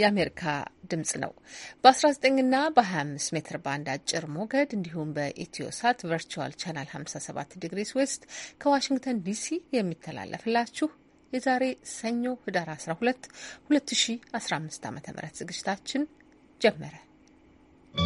የአሜሪካ ድምጽ ነው። በ19 ና በ25 ሜትር ባንድ አጭር ሞገድ እንዲሁም በኢትዮ ሳት ቨርቹዋል ቻናል 57 ዲግሪስ ዌስት ከዋሽንግተን ዲሲ የሚተላለፍላችሁ የዛሬ ሰኞ ህዳር 12 2015 ዓ ም ዝግጅታችን ጀመረ። ¶¶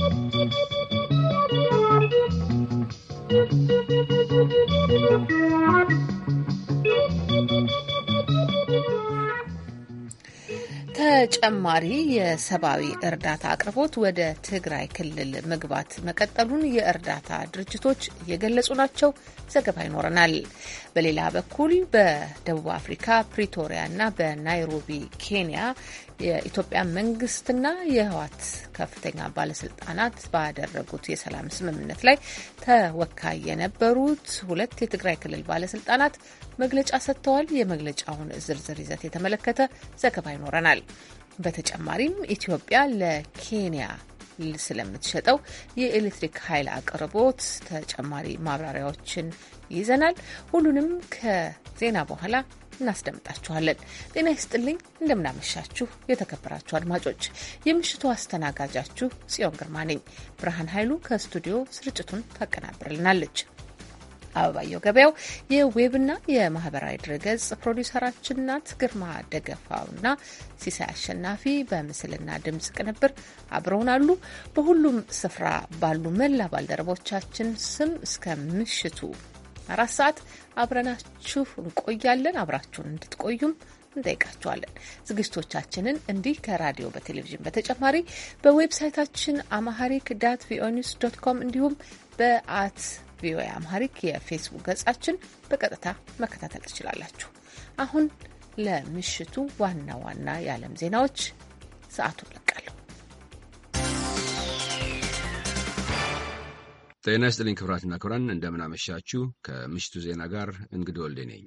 ተጨማሪ የሰብአዊ እርዳታ አቅርቦት ወደ ትግራይ ክልል መግባት መቀጠሉን የእርዳታ ድርጅቶች እየገለጹ ናቸው። ዘገባ ይኖረናል። በሌላ በኩል በደቡብ አፍሪካ እና በናይሮቢ ኬንያ የኢትዮጵያ መንግስትና የህወሓት ከፍተኛ ባለስልጣናት ባደረጉት የሰላም ስምምነት ላይ ተወካይ የነበሩት ሁለት የትግራይ ክልል ባለስልጣናት መግለጫ ሰጥተዋል። የመግለጫውን ዝርዝር ይዘት የተመለከተ ዘገባ ይኖረናል። በተጨማሪም ኢትዮጵያ ለኬንያ ስለምትሸጠው የኤሌክትሪክ ኃይል አቅርቦት ተጨማሪ ማብራሪያዎችን ይዘናል። ሁሉንም ከዜና በኋላ እናስደምጣችኋለን። ጤና ይስጥልኝ፣ እንደምናመሻችሁ የተከበራችሁ አድማጮች፣ የምሽቱ አስተናጋጃችሁ ጽዮን ግርማ ነኝ። ብርሃን ኃይሉ ከስቱዲዮ ስርጭቱን ታቀናብርልናለች። አበባየው ገበያው የዌብና የማህበራዊ ድረገጽ ፕሮዲውሰራችን ናት። ግርማ ደገፋውና ሲሳይ አሸናፊ በምስልና ድምጽ ቅንብር አብረውን አሉ። በሁሉም ስፍራ ባሉ መላ ባልደረቦቻችን ስም እስከ ምሽቱ አራት ሰዓት አብረናችሁ እንቆያለን። አብራችሁን እንድትቆዩም እንጠይቃችኋለን። ዝግጅቶቻችንን እንዲህ ከራዲዮ በቴሌቪዥን በተጨማሪ በዌብሳይታችን አማሃሪክ ዳት ቪኦኤ ኒውስ ዶት ኮም እንዲሁም በአት ቪኦኤ አማሃሪክ የፌስቡክ ገጻችን በቀጥታ መከታተል ትችላላችሁ። አሁን ለምሽቱ ዋና ዋና የዓለም ዜናዎች ሰዓቱን ለቃለሁ። ጤና ይስጥልኝ ክብራትና ክብራን፣ እንደምናመሻችሁ። ከምሽቱ ዜና ጋር እንግዲህ ወልዴ ነኝ።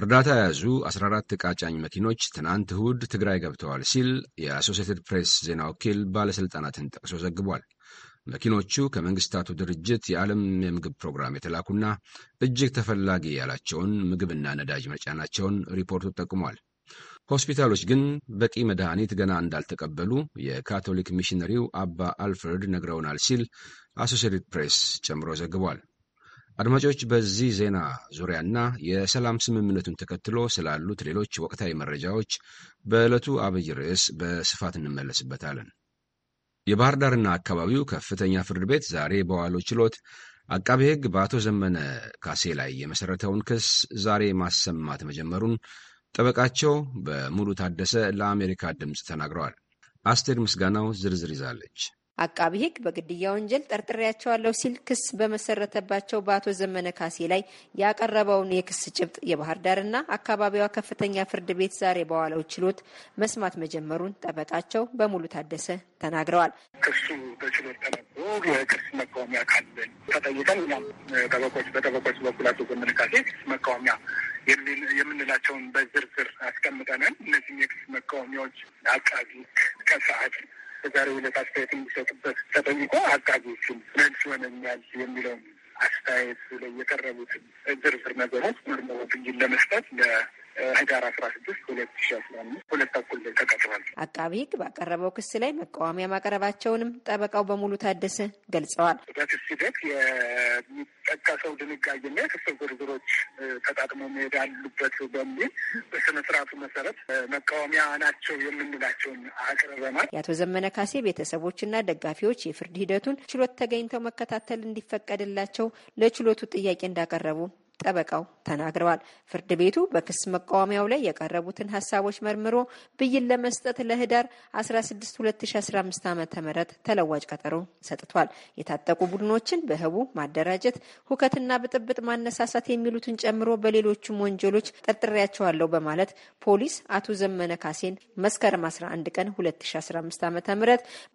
እርዳታ የያዙ 14 ዕቃ ጫኝ መኪኖች ትናንት እሁድ ትግራይ ገብተዋል ሲል የአሶሴትድ ፕሬስ ዜና ወኪል ባለሥልጣናትን ጠቅሶ ዘግቧል። መኪኖቹ ከመንግስታቱ ድርጅት የዓለም የምግብ ፕሮግራም የተላኩና እጅግ ተፈላጊ ያላቸውን ምግብና ነዳጅ መጫናቸውን ሪፖርቱ ጠቁሟል። ሆስፒታሎች ግን በቂ መድኃኒት ገና እንዳልተቀበሉ የካቶሊክ ሚሽነሪው አባ አልፍሬድ ነግረውናል ሲል አሶሴትድ ፕሬስ ጨምሮ ዘግቧል። አድማጮች፣ በዚህ ዜና ዙሪያና የሰላም ስምምነቱን ተከትሎ ስላሉት ሌሎች ወቅታዊ መረጃዎች በዕለቱ አብይ ርዕስ በስፋት እንመለስበታለን። የባህር ዳርና አካባቢው ከፍተኛ ፍርድ ቤት ዛሬ በዋለው ችሎት አቃቤ ሕግ በአቶ ዘመነ ካሴ ላይ የመሠረተውን ክስ ዛሬ ማሰማት መጀመሩን ጠበቃቸው በሙሉ ታደሰ ለአሜሪካ ድምፅ ተናግረዋል። አስቴር ምስጋናው ዝርዝር ይዛለች። አቃቢ ሕግ በግድያ ወንጀል ጠርጥሬያቸዋለሁ ሲል ክስ በመሰረተባቸው በአቶ ዘመነ ካሴ ላይ ያቀረበውን የክስ ጭብጥ የባህር ዳርና አካባቢዋ ከፍተኛ ፍርድ ቤት ዛሬ በዋለው ችሎት መስማት መጀመሩን ጠበቃቸው በሙሉ ታደሰ ተናግረዋል። ክሱ በችሎት ተነቦ የክስ መቃወሚያ ካለን ተጠይቀን እኛም ጠበቆች በጠበቆች በኩል አቶ ዘመነ ካሴ መቃወሚያ የምንላቸውን በዝርዝር አስቀምጠናል። እነዚህም የክስ መቃወሚያዎች አቃቢ ከሰዓት በዛሬው ዕለት አስተያየት እንዲሰጡበት ተጠይቆ አቃቢዎቹን መልስ ሆነኛል የሚለውን አስተያየት ላይ የቀረቡትን ዝርዝር ነገሮች ምርምሮት እንጂ ለመስጠት ህዳር አስራ ስድስት ሁለት ሺ አስራ አምስት ሁለት ተኩል ላይ ተቀጥሯል። አቃቢ ህግ ባቀረበው ክስ ላይ መቃወሚያ ማቅረባቸውንም ጠበቃው በሙሉ ታደሰ ገልጸዋል። በክስ ሂደት የሚጠቀሰው ድንጋጌና የክስ ዝርዝሮች ተጣጥሞ መሄድ አሉበት በሚል በስነ ስርዓቱ መሰረት መቃወሚያ ናቸው የምንላቸውን አቅርበናል። የአቶ ዘመነ ካሴ ቤተሰቦችና ደጋፊዎች የፍርድ ሂደቱን ችሎት ተገኝተው መከታተል እንዲፈቀድላቸው ለችሎቱ ጥያቄ እንዳቀረቡ ጠበቃው ተናግረዋል። ፍርድ ቤቱ በክስ መቃወሚያው ላይ የቀረቡትን ሀሳቦች መርምሮ ብይን ለመስጠት ለህዳር 16 2015 ዓ ም ተለዋጭ ቀጠሮ ሰጥቷል። የታጠቁ ቡድኖችን በህቡ ማደራጀት፣ ሁከትና ብጥብጥ ማነሳሳት የሚሉትን ጨምሮ በሌሎችም ወንጀሎች ጠርጥሬያቸዋለሁ በማለት ፖሊስ አቶ ዘመነ ካሴን መስከረም 11 ቀን 2015 ዓ ም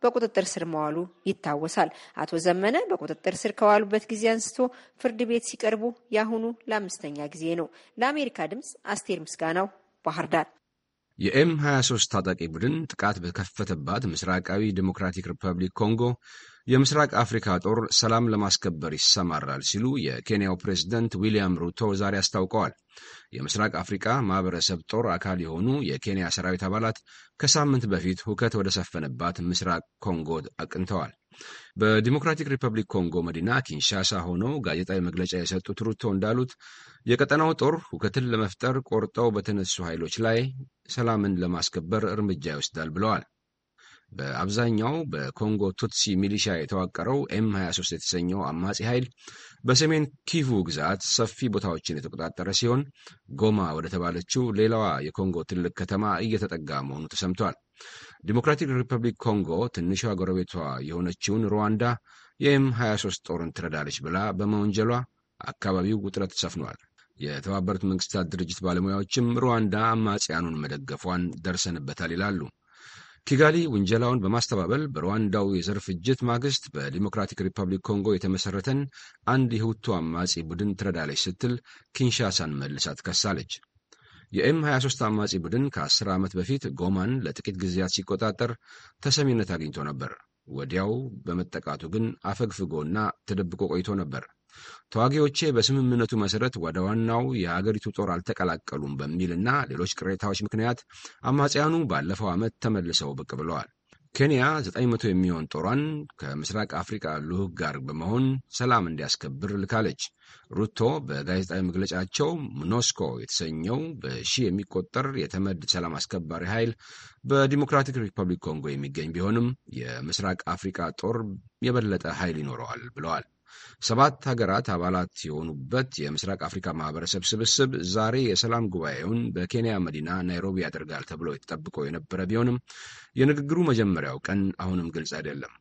በቁጥጥር ስር መዋሉ ይታወሳል። አቶ ዘመነ በቁጥጥር ስር ከዋሉበት ጊዜ አንስቶ ፍርድ ቤት ሲቀርቡ የአሁኑ ለአምስተኛ ጊዜ ነው። ለአሜሪካ ድምፅ አስቴር ምስጋናው ባህር ዳር። የኤም 23 ታጣቂ ቡድን ጥቃት በከፈተባት ምስራቃዊ ዲሞክራቲክ ሪፐብሊክ ኮንጎ የምስራቅ አፍሪካ ጦር ሰላም ለማስከበር ይሰማራል ሲሉ የኬንያው ፕሬዝደንት ዊልያም ሩቶ ዛሬ አስታውቀዋል። የምስራቅ አፍሪካ ማህበረሰብ ጦር አካል የሆኑ የኬንያ ሰራዊት አባላት ከሳምንት በፊት ሁከት ወደ ሰፈነባት ምስራቅ ኮንጎ አቅንተዋል። በዲሞክራቲክ ሪፐብሊክ ኮንጎ መዲና ኪንሻሳ ሆነው ጋዜጣዊ መግለጫ የሰጡት ሩቶ እንዳሉት የቀጠናው ጦር ሁከትን ለመፍጠር ቆርጠው በተነሱ ኃይሎች ላይ ሰላምን ለማስከበር እርምጃ ይወስዳል ብለዋል። በአብዛኛው በኮንጎ ቱትሲ ሚሊሻ የተዋቀረው ኤም 23 የተሰኘው አማጺ ኃይል በሰሜን ኪቩ ግዛት ሰፊ ቦታዎችን የተቆጣጠረ ሲሆን ጎማ ወደ ተባለችው ሌላዋ የኮንጎ ትልቅ ከተማ እየተጠጋ መሆኑ ተሰምቷል። ዲሞክራቲክ ሪፐብሊክ ኮንጎ ትንሿ ጎረቤቷ የሆነችውን ሩዋንዳ የኤም 23 ጦርን ትረዳለች ብላ በመወንጀሏ አካባቢው ውጥረት ሰፍኗል። የተባበሩት መንግስታት ድርጅት ባለሙያዎችም ሩዋንዳ አማጽያኑን መደገፏን ደርሰንበታል ይላሉ። ኪጋሊ ውንጀላውን በማስተባበል በሩዋንዳው የዘር ፍጅት ማግስት በዲሞክራቲክ ሪፐብሊክ ኮንጎ የተመሠረተን አንድ የሁቱ አማጺ ቡድን ትረዳለች ስትል ኪንሻሳን መልሳ ትከሳለች። የኤም 23 አማጺ ቡድን ከ10 ዓመት በፊት ጎማን ለጥቂት ጊዜያት ሲቆጣጠር ተሰሚነት አግኝቶ ነበር። ወዲያው በመጠቃቱ ግን አፈግፍጎና ተደብቆ ቆይቶ ነበር። ተዋጊዎቼ በስምምነቱ መሰረት ወደ ዋናው የአገሪቱ ጦር አልተቀላቀሉም በሚልና ሌሎች ቅሬታዎች ምክንያት አማጽያኑ ባለፈው ዓመት ተመልሰው ብቅ ብለዋል። ኬንያ 900 የሚሆን ጦሯን ከምስራቅ አፍሪካ ልዑክ ጋር በመሆን ሰላም እንዲያስከብር ልካለች። ሩቶ በጋዜጣዊ መግለጫቸው ምኖስኮ የተሰኘው በሺህ የሚቆጠር የተመድ ሰላም አስከባሪ ኃይል በዲሞክራቲክ ሪፐብሊክ ኮንጎ የሚገኝ ቢሆንም የምስራቅ አፍሪካ ጦር የበለጠ ኃይል ይኖረዋል ብለዋል። ሰባት ሀገራት አባላት የሆኑበት የምስራቅ አፍሪካ ማህበረሰብ ስብስብ ዛሬ የሰላም ጉባኤውን በኬንያ መዲና ናይሮቢ ያደርጋል ተብሎ ተጠብቆ የነበረ ቢሆንም የንግግሩ መጀመሪያው ቀን አሁንም ግልጽ አይደለም።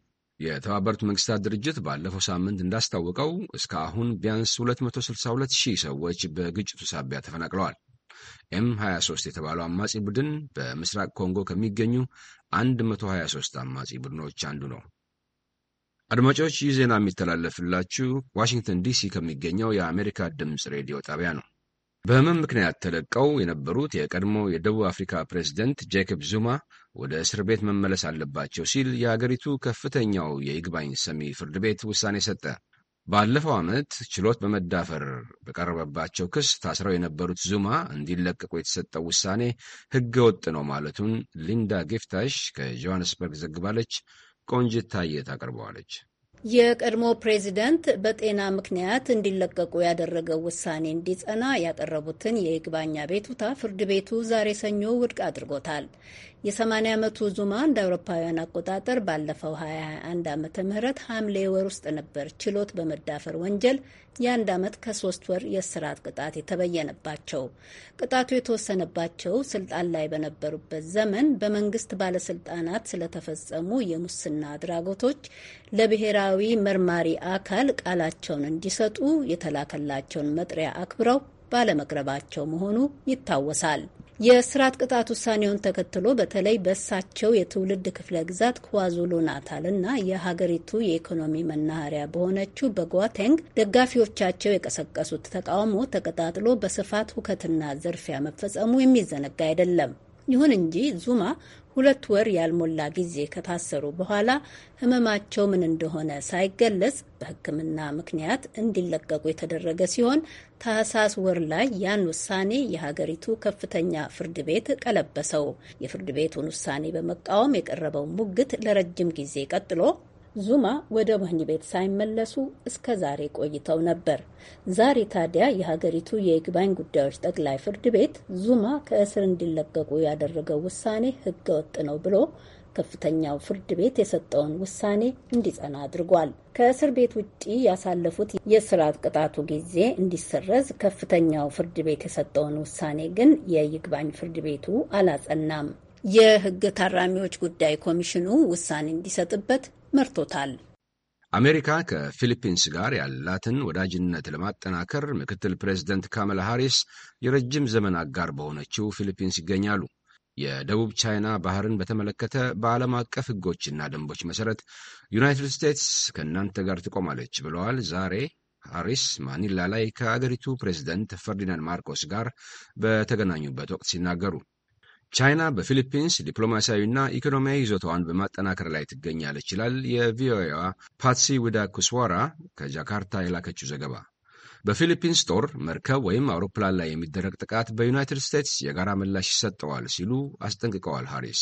የተባበሩት መንግስታት ድርጅት ባለፈው ሳምንት እንዳስታወቀው እስከ አሁን ቢያንስ 262 ሺህ ሰዎች በግጭቱ ሳቢያ ተፈናቅለዋል። ኤም 23 የተባለው አማጺ ቡድን በምስራቅ ኮንጎ ከሚገኙ 123 አማጺ ቡድኖች አንዱ ነው። አድማጮች ይህ ዜና የሚተላለፍላችሁ ዋሽንግተን ዲሲ ከሚገኘው የአሜሪካ ድምፅ ሬዲዮ ጣቢያ ነው። በህመም ምክንያት ተለቀው የነበሩት የቀድሞ የደቡብ አፍሪካ ፕሬዚደንት ጄኮብ ዙማ ወደ እስር ቤት መመለስ አለባቸው ሲል የአገሪቱ ከፍተኛው የይግባኝ ሰሚ ፍርድ ቤት ውሳኔ ሰጠ። ባለፈው ዓመት ችሎት በመዳፈር በቀረበባቸው ክስ ታስረው የነበሩት ዙማ እንዲለቀቁ የተሰጠው ውሳኔ ህገወጥ ወጥ ነው ማለቱን ሊንዳ ጌፍታሽ ከጆሃንስበርግ ዘግባለች። ቆንጅት ታየ ታቀርበዋለች። የቀድሞ ፕሬዚደንት በጤና ምክንያት እንዲለቀቁ ያደረገው ውሳኔ እንዲጸና ያቀረቡትን የይግባኝ አቤቱታ ፍርድ ቤቱ ዛሬ ሰኞ ውድቅ አድርጎታል። የ80 ዓመቱ ዙማ እንደ አውሮፓውያን አቆጣጠር ባለፈው 21 ዓመተ ምህረት ሐምሌ ወር ውስጥ ነበር ችሎት በመዳፈር ወንጀል የአንድ ዓመት ከሶስት ወር የእስራት ቅጣት የተበየነባቸው። ቅጣቱ የተወሰነባቸው ስልጣን ላይ በነበሩበት ዘመን በመንግስት ባለስልጣናት ስለተፈጸሙ የሙስና አድራጎቶች ለብሔራዊ መርማሪ አካል ቃላቸውን እንዲሰጡ የተላከላቸውን መጥሪያ አክብረው ባለመቅረባቸው መሆኑ ይታወሳል። የእስራት ቅጣት ውሳኔውን ተከትሎ በተለይ በሳቸው የትውልድ ክፍለ ግዛት ኳዙሉ ናታል እና የሀገሪቱ የኢኮኖሚ መናኸሪያ በሆነችው በጓቴንግ ደጋፊዎቻቸው የቀሰቀሱት ተቃውሞ ተቀጣጥሎ በስፋት ሁከትና ዘርፊያ መፈጸሙ የሚዘነጋ አይደለም። ይሁን እንጂ ዙማ ሁለት ወር ያልሞላ ጊዜ ከታሰሩ በኋላ ህመማቸው ምን እንደሆነ ሳይገለጽ በሕክምና ምክንያት እንዲለቀቁ የተደረገ ሲሆን ታህሳስ ወር ላይ ያን ውሳኔ የሀገሪቱ ከፍተኛ ፍርድ ቤት ቀለበሰው። የፍርድ ቤቱን ውሳኔ በመቃወም የቀረበው ሙግት ለረጅም ጊዜ ቀጥሎ ዙማ ወደ ወህኒ ቤት ሳይመለሱ እስከ ዛሬ ቆይተው ነበር። ዛሬ ታዲያ የሀገሪቱ የይግባኝ ጉዳዮች ጠቅላይ ፍርድ ቤት ዙማ ከእስር እንዲለቀቁ ያደረገው ውሳኔ ወጥ ነው ብሎ ከፍተኛው ፍርድ ቤት የሰጠውን ውሳኔ እንዲጸና አድርጓል። ከእስር ቤት ውጪ ያሳለፉት የእስራት ቅጣቱ ጊዜ እንዲሰረዝ ከፍተኛው ፍርድ ቤት የሰጠውን ውሳኔ ግን የይግባኝ ፍርድ ቤቱ አላጸናም። የህግ ታራሚዎች ጉዳይ ኮሚሽኑ ውሳኔ እንዲሰጥበት መርቶታል። አሜሪካ ከፊሊፒንስ ጋር ያላትን ወዳጅነት ለማጠናከር ምክትል ፕሬዚደንት ካመላ ሃሪስ የረጅም ዘመን አጋር በሆነችው ፊሊፒንስ ይገኛሉ። የደቡብ ቻይና ባህርን በተመለከተ በዓለም አቀፍ ሕጎችና ደንቦች መሰረት ዩናይትድ ስቴትስ ከእናንተ ጋር ትቆማለች ብለዋል። ዛሬ ሃሪስ ማኒላ ላይ ከአገሪቱ ፕሬዚደንት ፈርዲናንድ ማርቆስ ጋር በተገናኙበት ወቅት ሲናገሩ ቻይና በፊሊፒንስ ዲፕሎማሲያዊና ኢኮኖሚያዊ ይዞታዋን በማጠናከር ላይ ትገኛለች ይላል የቪኦኤዋ ፓትሲ ዊዳ ኩስዋራ ከጃካርታ የላከችው ዘገባ። በፊሊፒንስ ጦር መርከብ ወይም አውሮፕላን ላይ የሚደረግ ጥቃት በዩናይትድ ስቴትስ የጋራ ምላሽ ይሰጠዋል ሲሉ አስጠንቅቀዋል ሃሪስ።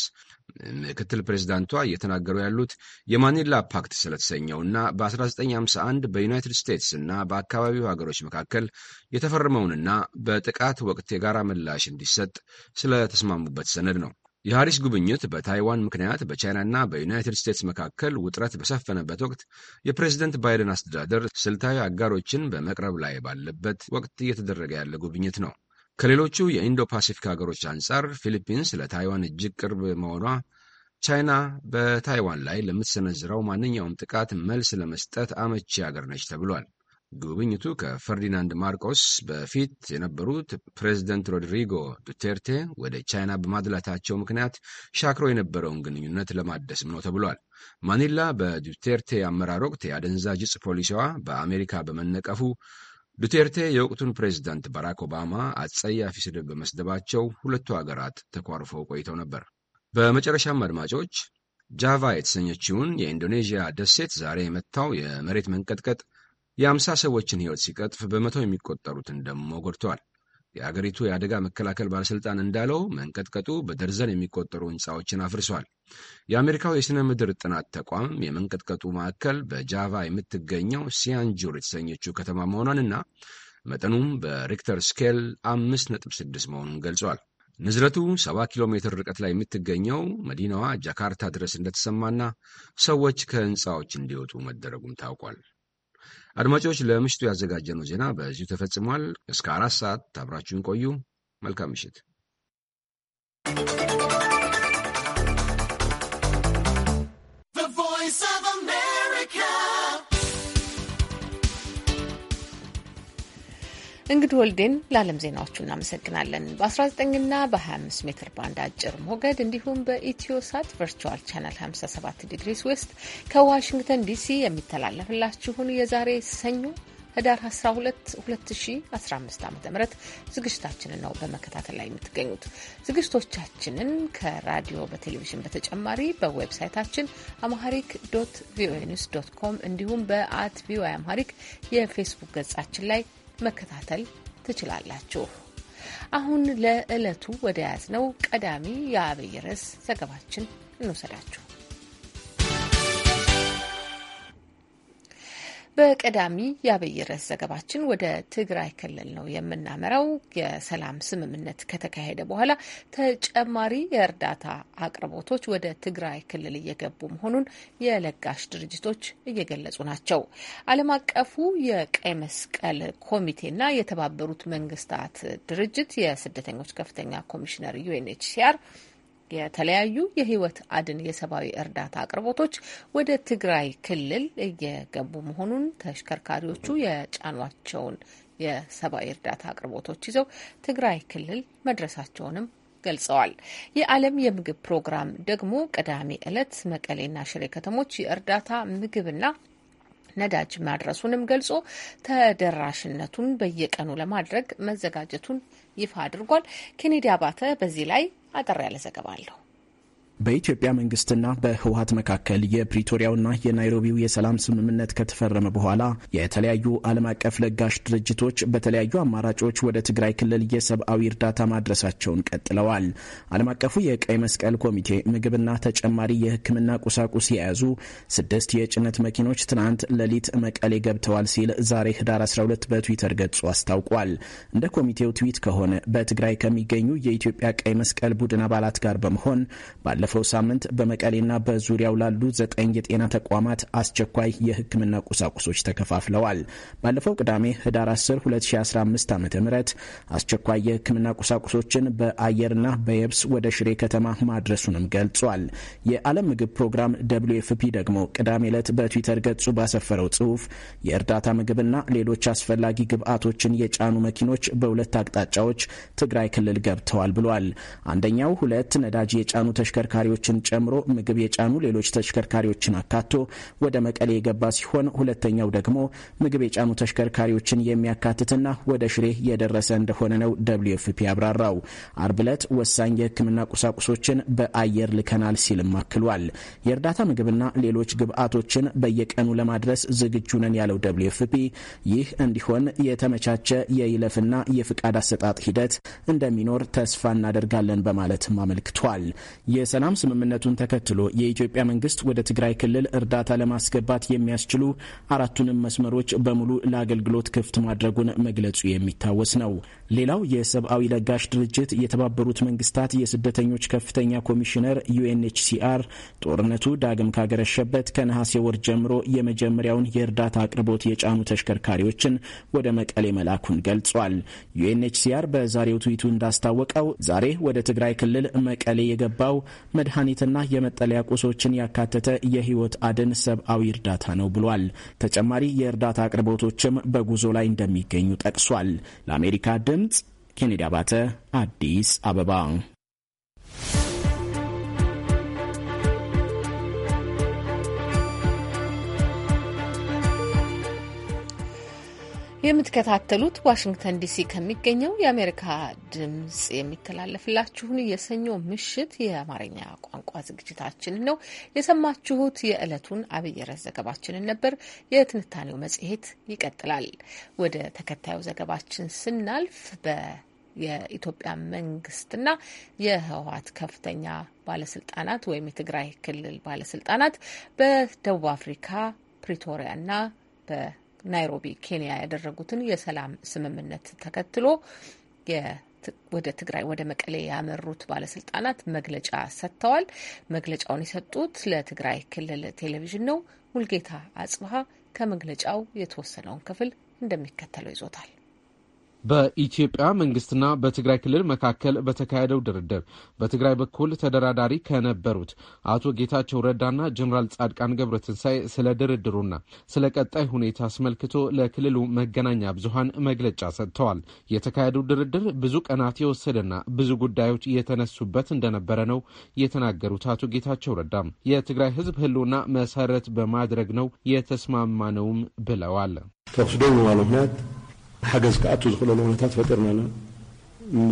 ምክትል ፕሬዚዳንቷ እየተናገሩ ያሉት የማኒላ ፓክት ስለተሰኘውና በ1951 በዩናይትድ ስቴትስ እና በአካባቢው ሀገሮች መካከል የተፈረመውንና በጥቃት ወቅት የጋራ ምላሽ እንዲሰጥ ስለተስማሙበት ሰነድ ነው። የሐሪስ ጉብኝት በታይዋን ምክንያት በቻይናና በዩናይትድ ስቴትስ መካከል ውጥረት በሰፈነበት ወቅት የፕሬዚደንት ባይደን አስተዳደር ስልታዊ አጋሮችን በመቅረብ ላይ ባለበት ወቅት እየተደረገ ያለ ጉብኝት ነው። ከሌሎቹ የኢንዶ ፓሲፊክ ሀገሮች አንጻር ፊሊፒንስ ለታይዋን እጅግ ቅርብ መሆኗ ቻይና በታይዋን ላይ ለምትሰነዝረው ማንኛውም ጥቃት መልስ ለመስጠት አመቺ ሀገር ነች ተብሏል። ጉብኝቱ ከፈርዲናንድ ማርቆስ በፊት የነበሩት ፕሬዚደንት ሮድሪጎ ዱቴርቴ ወደ ቻይና በማድላታቸው ምክንያት ሻክሮ የነበረውን ግንኙነት ለማደስም ነው ተብሏል። ማኒላ በዱቴርቴ አመራር ወቅት የአደንዛዥ እጽ ፖሊሲዋ በአሜሪካ በመነቀፉ ዱቴርቴ የወቅቱን ፕሬዝዳንት ባራክ ኦባማ አጸያፊ ስድብ በመስደባቸው ሁለቱ ሀገራት ተኳርፈው ቆይተው ነበር። በመጨረሻም አድማጮች ጃቫ የተሰኘችውን የኢንዶኔዥያ ደሴት ዛሬ የመታው የመሬት መንቀጥቀጥ የአምሳ ሰዎችን ሕይወት ሲቀጥፍ በመቶ የሚቆጠሩትን ደግሞ ጎድተዋል። የአገሪቱ የአደጋ መከላከል ባለሥልጣን እንዳለው መንቀጥቀጡ በደርዘን የሚቆጠሩ ሕንፃዎችን አፍርሷል። የአሜሪካው የሥነ ምድር ጥናት ተቋም የመንቀጥቀጡ ማዕከል በጃቫ የምትገኘው ሲያንጁር የተሰኘችው ከተማ መሆኗንና መጠኑም በሪክተር ስኬል 5.6 መሆኑን ገልጿል። ንዝረቱ 70 ኪሎ ሜትር ርቀት ላይ የምትገኘው መዲናዋ ጃካርታ ድረስ እንደተሰማና ሰዎች ከሕንፃዎች እንዲወጡ መደረጉም ታውቋል። አድማጮች፣ ለምሽቱ ያዘጋጀነው ዜና በዚሁ ተፈጽሟል። እስከ አራት ሰዓት አብራችሁን ቆዩ። መልካም ምሽት። እንግዲህ ወልዴን ለዓለም ዜናዎቹ እናመሰግናለን። በ19ና በ25 ሜትር ባንድ አጭር ሞገድ እንዲሁም በኢትዮሳት ቨርቹዋል ቻናል 57 ዲግሪስ ዌስት ከዋሽንግተን ዲሲ የሚተላለፍላችሁን የዛሬ ሰኞ ህዳር 12 2015 ዓ ም ዝግጅታችንን ነው በመከታተል ላይ የምትገኙት። ዝግጅቶቻችንን ከራዲዮ በቴሌቪዥን በተጨማሪ በዌብሳይታችን አምሃሪክ ዶት ቪኦኤ ኒውስ ዶት ኮም እንዲሁም በአት ቪኦኤ አምሃሪክ የፌስቡክ ገጻችን ላይ መከታተል ትችላላችሁ። አሁን ለዕለቱ ወደ ያዝነው ቀዳሚ የአብይ ርዕስ ዘገባችን እንወሰዳችሁ። በቀዳሚ የአበይረስ ዘገባችን ወደ ትግራይ ክልል ነው የምናመራው። የሰላም ስምምነት ከተካሄደ በኋላ ተጨማሪ የእርዳታ አቅርቦቶች ወደ ትግራይ ክልል እየገቡ መሆኑን የለጋሽ ድርጅቶች እየገለጹ ናቸው። ዓለም አቀፉ የቀይ መስቀል ኮሚቴና የተባበሩት መንግስታት ድርጅት የስደተኞች ከፍተኛ ኮሚሽነር ዩኤንኤችሲአር የተለያዩ የህይወት አድን የሰብአዊ እርዳታ አቅርቦቶች ወደ ትግራይ ክልል እየገቡ መሆኑን ተሽከርካሪዎቹ የጫኗቸውን የሰብአዊ እርዳታ አቅርቦቶች ይዘው ትግራይ ክልል መድረሳቸውንም ገልጸዋል። የዓለም የምግብ ፕሮግራም ደግሞ ቅዳሜ ዕለት መቀሌና ሽሬ ከተሞች የእርዳታ ምግብና ነዳጅ ማድረሱንም ገልጾ ተደራሽነቱን በየቀኑ ለማድረግ መዘጋጀቱን ይፋ አድርጓል። ኬኔዲ አባተ በዚህ ላይ Acarreales a caballo. በኢትዮጵያ መንግስትና በህወሀት መካከል የፕሪቶሪያውና የናይሮቢው የሰላም ስምምነት ከተፈረመ በኋላ የተለያዩ ዓለም አቀፍ ለጋሽ ድርጅቶች በተለያዩ አማራጮች ወደ ትግራይ ክልል የሰብአዊ እርዳታ ማድረሳቸውን ቀጥለዋል። ዓለም አቀፉ የቀይ መስቀል ኮሚቴ ምግብና ተጨማሪ የህክምና ቁሳቁስ የያዙ ስድስት የጭነት መኪኖች ትናንት ሌሊት መቀሌ ገብተዋል ሲል ዛሬ ህዳር 12 በትዊተር ገጹ አስታውቋል። እንደ ኮሚቴው ትዊት ከሆነ በትግራይ ከሚገኙ የኢትዮጵያ ቀይ መስቀል ቡድን አባላት ጋር በመሆን ባለፈው ባለፈው ሳምንት በመቀሌና በዙሪያው ላሉ ዘጠኝ የጤና ተቋማት አስቸኳይ የሕክምና ቁሳቁሶች ተከፋፍለዋል። ባለፈው ቅዳሜ ህዳር 10 2015 ዓ ም አስቸኳይ የሕክምና ቁሳቁሶችን በአየርና በየብስ ወደ ሽሬ ከተማ ማድረሱንም ገልጿል። የዓለም ምግብ ፕሮግራም ደብሊው ኤፍ ፒ ደግሞ ቅዳሜ ዕለት በትዊተር ገጹ ባሰፈረው ጽሑፍ የእርዳታ ምግብና ሌሎች አስፈላጊ ግብዓቶችን የጫኑ መኪኖች በሁለት አቅጣጫዎች ትግራይ ክልል ገብተዋል ብሏል። አንደኛው ሁለት ነዳጅ የጫኑ ተሽከርካ ተሽከርካሪዎችን ጨምሮ ምግብ የጫኑ ሌሎች ተሽከርካሪዎችን አካቶ ወደ መቀሌ የገባ ሲሆን ሁለተኛው ደግሞ ምግብ የጫኑ ተሽከርካሪዎችን የሚያካትትና ወደ ሽሬ የደረሰ እንደሆነ ነው ደብልዩ ኤፍፒ አብራራው። አርብ ዕለት ወሳኝ የሕክምና ቁሳቁሶችን በአየር ልከናል ሲልም አክሏል። የእርዳታ ምግብና ሌሎች ግብዓቶችን በየቀኑ ለማድረስ ዝግጁ ነን ያለው ደብልዩ ኤፍፒ ይህ እንዲሆን የተመቻቸ የይለፍና የፍቃድ አሰጣጥ ሂደት እንደሚኖር ተስፋ እናደርጋለን በማለትም አመልክቷል። ፕሪቶሪያም ስምምነቱን ተከትሎ የኢትዮጵያ መንግስት ወደ ትግራይ ክልል እርዳታ ለማስገባት የሚያስችሉ አራቱንም መስመሮች በሙሉ ለአገልግሎት ክፍት ማድረጉን መግለጹ የሚታወስ ነው። ሌላው የሰብአዊ ለጋሽ ድርጅት የተባበሩት መንግስታት የስደተኞች ከፍተኛ ኮሚሽነር ዩኤንኤችሲአር ጦርነቱ ዳግም ካገረሸበት ከነሐሴ ወር ጀምሮ የመጀመሪያውን የእርዳታ አቅርቦት የጫኑ ተሽከርካሪዎችን ወደ መቀሌ መላኩን ገልጿል። ዩኤንኤችሲአር በዛሬው ትዊቱ እንዳስታወቀው ዛሬ ወደ ትግራይ ክልል መቀሌ የገባው መድኃኒትና የመጠለያ ቁሶችን ያካተተ የህይወት አድን ሰብአዊ እርዳታ ነው ብሏል። ተጨማሪ የእርዳታ አቅርቦቶችም በጉዞ ላይ እንደሚገኙ ጠቅሷል። ለአሜሪካ ድምጽ ኬኔዲ አባተ አዲስ አበባ የምትከታተሉት ዋሽንግተን ዲሲ ከሚገኘው የአሜሪካ ድምጽ የሚተላለፍላችሁን የሰኞ ምሽት የአማርኛ ቋንቋ ዝግጅታችንን ነው የሰማችሁት። የዕለቱን አብይ ርዕስ ዘገባችንን ነበር። የትንታኔው መጽሔት ይቀጥላል። ወደ ተከታዩ ዘገባችን ስናልፍ በ የኢትዮጵያ መንግስትና የህወሀት ከፍተኛ ባለስልጣናት ወይም የትግራይ ክልል ባለስልጣናት በደቡብ አፍሪካ ፕሪቶሪያና ናይሮቢ ኬንያ ያደረጉትን የሰላም ስምምነት ተከትሎ ወደ ትግራይ ወደ መቀሌ ያመሩት ባለስልጣናት መግለጫ ሰጥተዋል። መግለጫውን የሰጡት ለትግራይ ክልል ቴሌቪዥን ነው። ሙልጌታ አጽብሃ ከመግለጫው የተወሰነውን ክፍል እንደሚከተለው ይዞታል። በኢትዮጵያ መንግስትና በትግራይ ክልል መካከል በተካሄደው ድርድር በትግራይ በኩል ተደራዳሪ ከነበሩት አቶ ጌታቸው ረዳና ጀኔራል ጻድቃን ገብረትንሳኤ ስለ ድርድሩና ስለ ቀጣይ ሁኔታ አስመልክቶ ለክልሉ መገናኛ ብዙሀን መግለጫ ሰጥተዋል። የተካሄደው ድርድር ብዙ ቀናት የወሰደና ብዙ ጉዳዮች የተነሱበት እንደነበረ ነው የተናገሩት አቶ ጌታቸው ረዳ የትግራይ ህዝብ ህልውና መሰረት በማድረግ ነው የተስማማነውም ብለዋል። ተወስዶ حجز كأتو زخلنا ونتات فترنا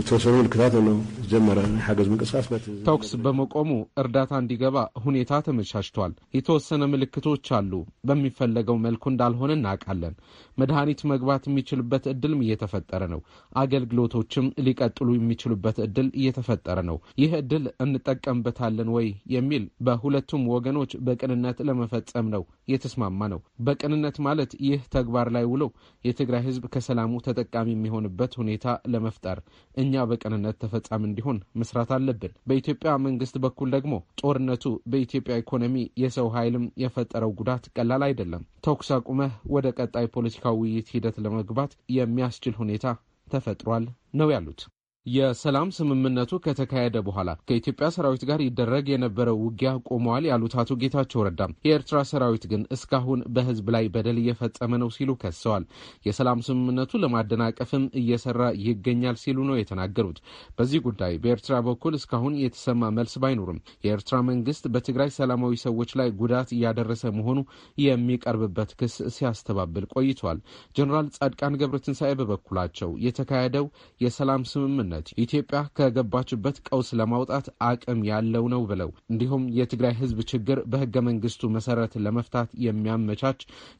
ተወሰኑ ምልክታት ነው ጀመረ ሓገዝ ምንቅስቃስ ተኩስ በመቆሙ እርዳታ እንዲገባ ሁኔታ ተመቻችቷል። የተወሰነ ምልክቶች አሉ። በሚፈለገው መልኩ እንዳልሆነ እናውቃለን። መድኃኒት መግባት የሚችልበት እድልም እየተፈጠረ ነው። አገልግሎቶችም ሊቀጥሉ የሚችሉበት እድል እየተፈጠረ ነው። ይህ እድል እንጠቀምበታለን ወይ የሚል በሁለቱም ወገኖች በቅንነት ለመፈጸም ነው የተስማማ ነው። በቅንነት ማለት ይህ ተግባር ላይ ውሎ የትግራይ ህዝብ ከሰላሙ ተጠቃሚ የሚሆንበት ሁኔታ ለመፍጠር እኛ በቀንነት ተፈጻሚ እንዲሆን መስራት አለብን። በኢትዮጵያ መንግስት በኩል ደግሞ ጦርነቱ በኢትዮጵያ ኢኮኖሚ፣ የሰው ኃይልም የፈጠረው ጉዳት ቀላል አይደለም። ተኩስ አቁመህ ወደ ቀጣይ ፖለቲካዊ ውይይት ሂደት ለመግባት የሚያስችል ሁኔታ ተፈጥሯል ነው ያሉት። የሰላም ስምምነቱ ከተካሄደ በኋላ ከኢትዮጵያ ሰራዊት ጋር ይደረግ የነበረው ውጊያ ቆመዋል ያሉት አቶ ጌታቸው ረዳም የኤርትራ ሰራዊት ግን እስካሁን በህዝብ ላይ በደል እየፈጸመ ነው ሲሉ ከሰዋል። የሰላም ስምምነቱ ለማደናቀፍም እየሰራ ይገኛል ሲሉ ነው የተናገሩት። በዚህ ጉዳይ በኤርትራ በኩል እስካሁን የተሰማ መልስ ባይኖርም የኤርትራ መንግስት በትግራይ ሰላማዊ ሰዎች ላይ ጉዳት እያደረሰ መሆኑ የሚቀርብበት ክስ ሲያስተባብል ቆይቷል። ጀኔራል ጻድቃን ገብረ ትንሣኤ በበኩላቸው የተካሄደው የሰላም ስምምነት በማለት ኢትዮጵያ ከገባችበት ቀውስ ለማውጣት አቅም ያለው ነው ብለው እንዲሁም የትግራይ ህዝብ ችግር በህገ መንግስቱ መሰረት ለመፍታት የሚያመቻች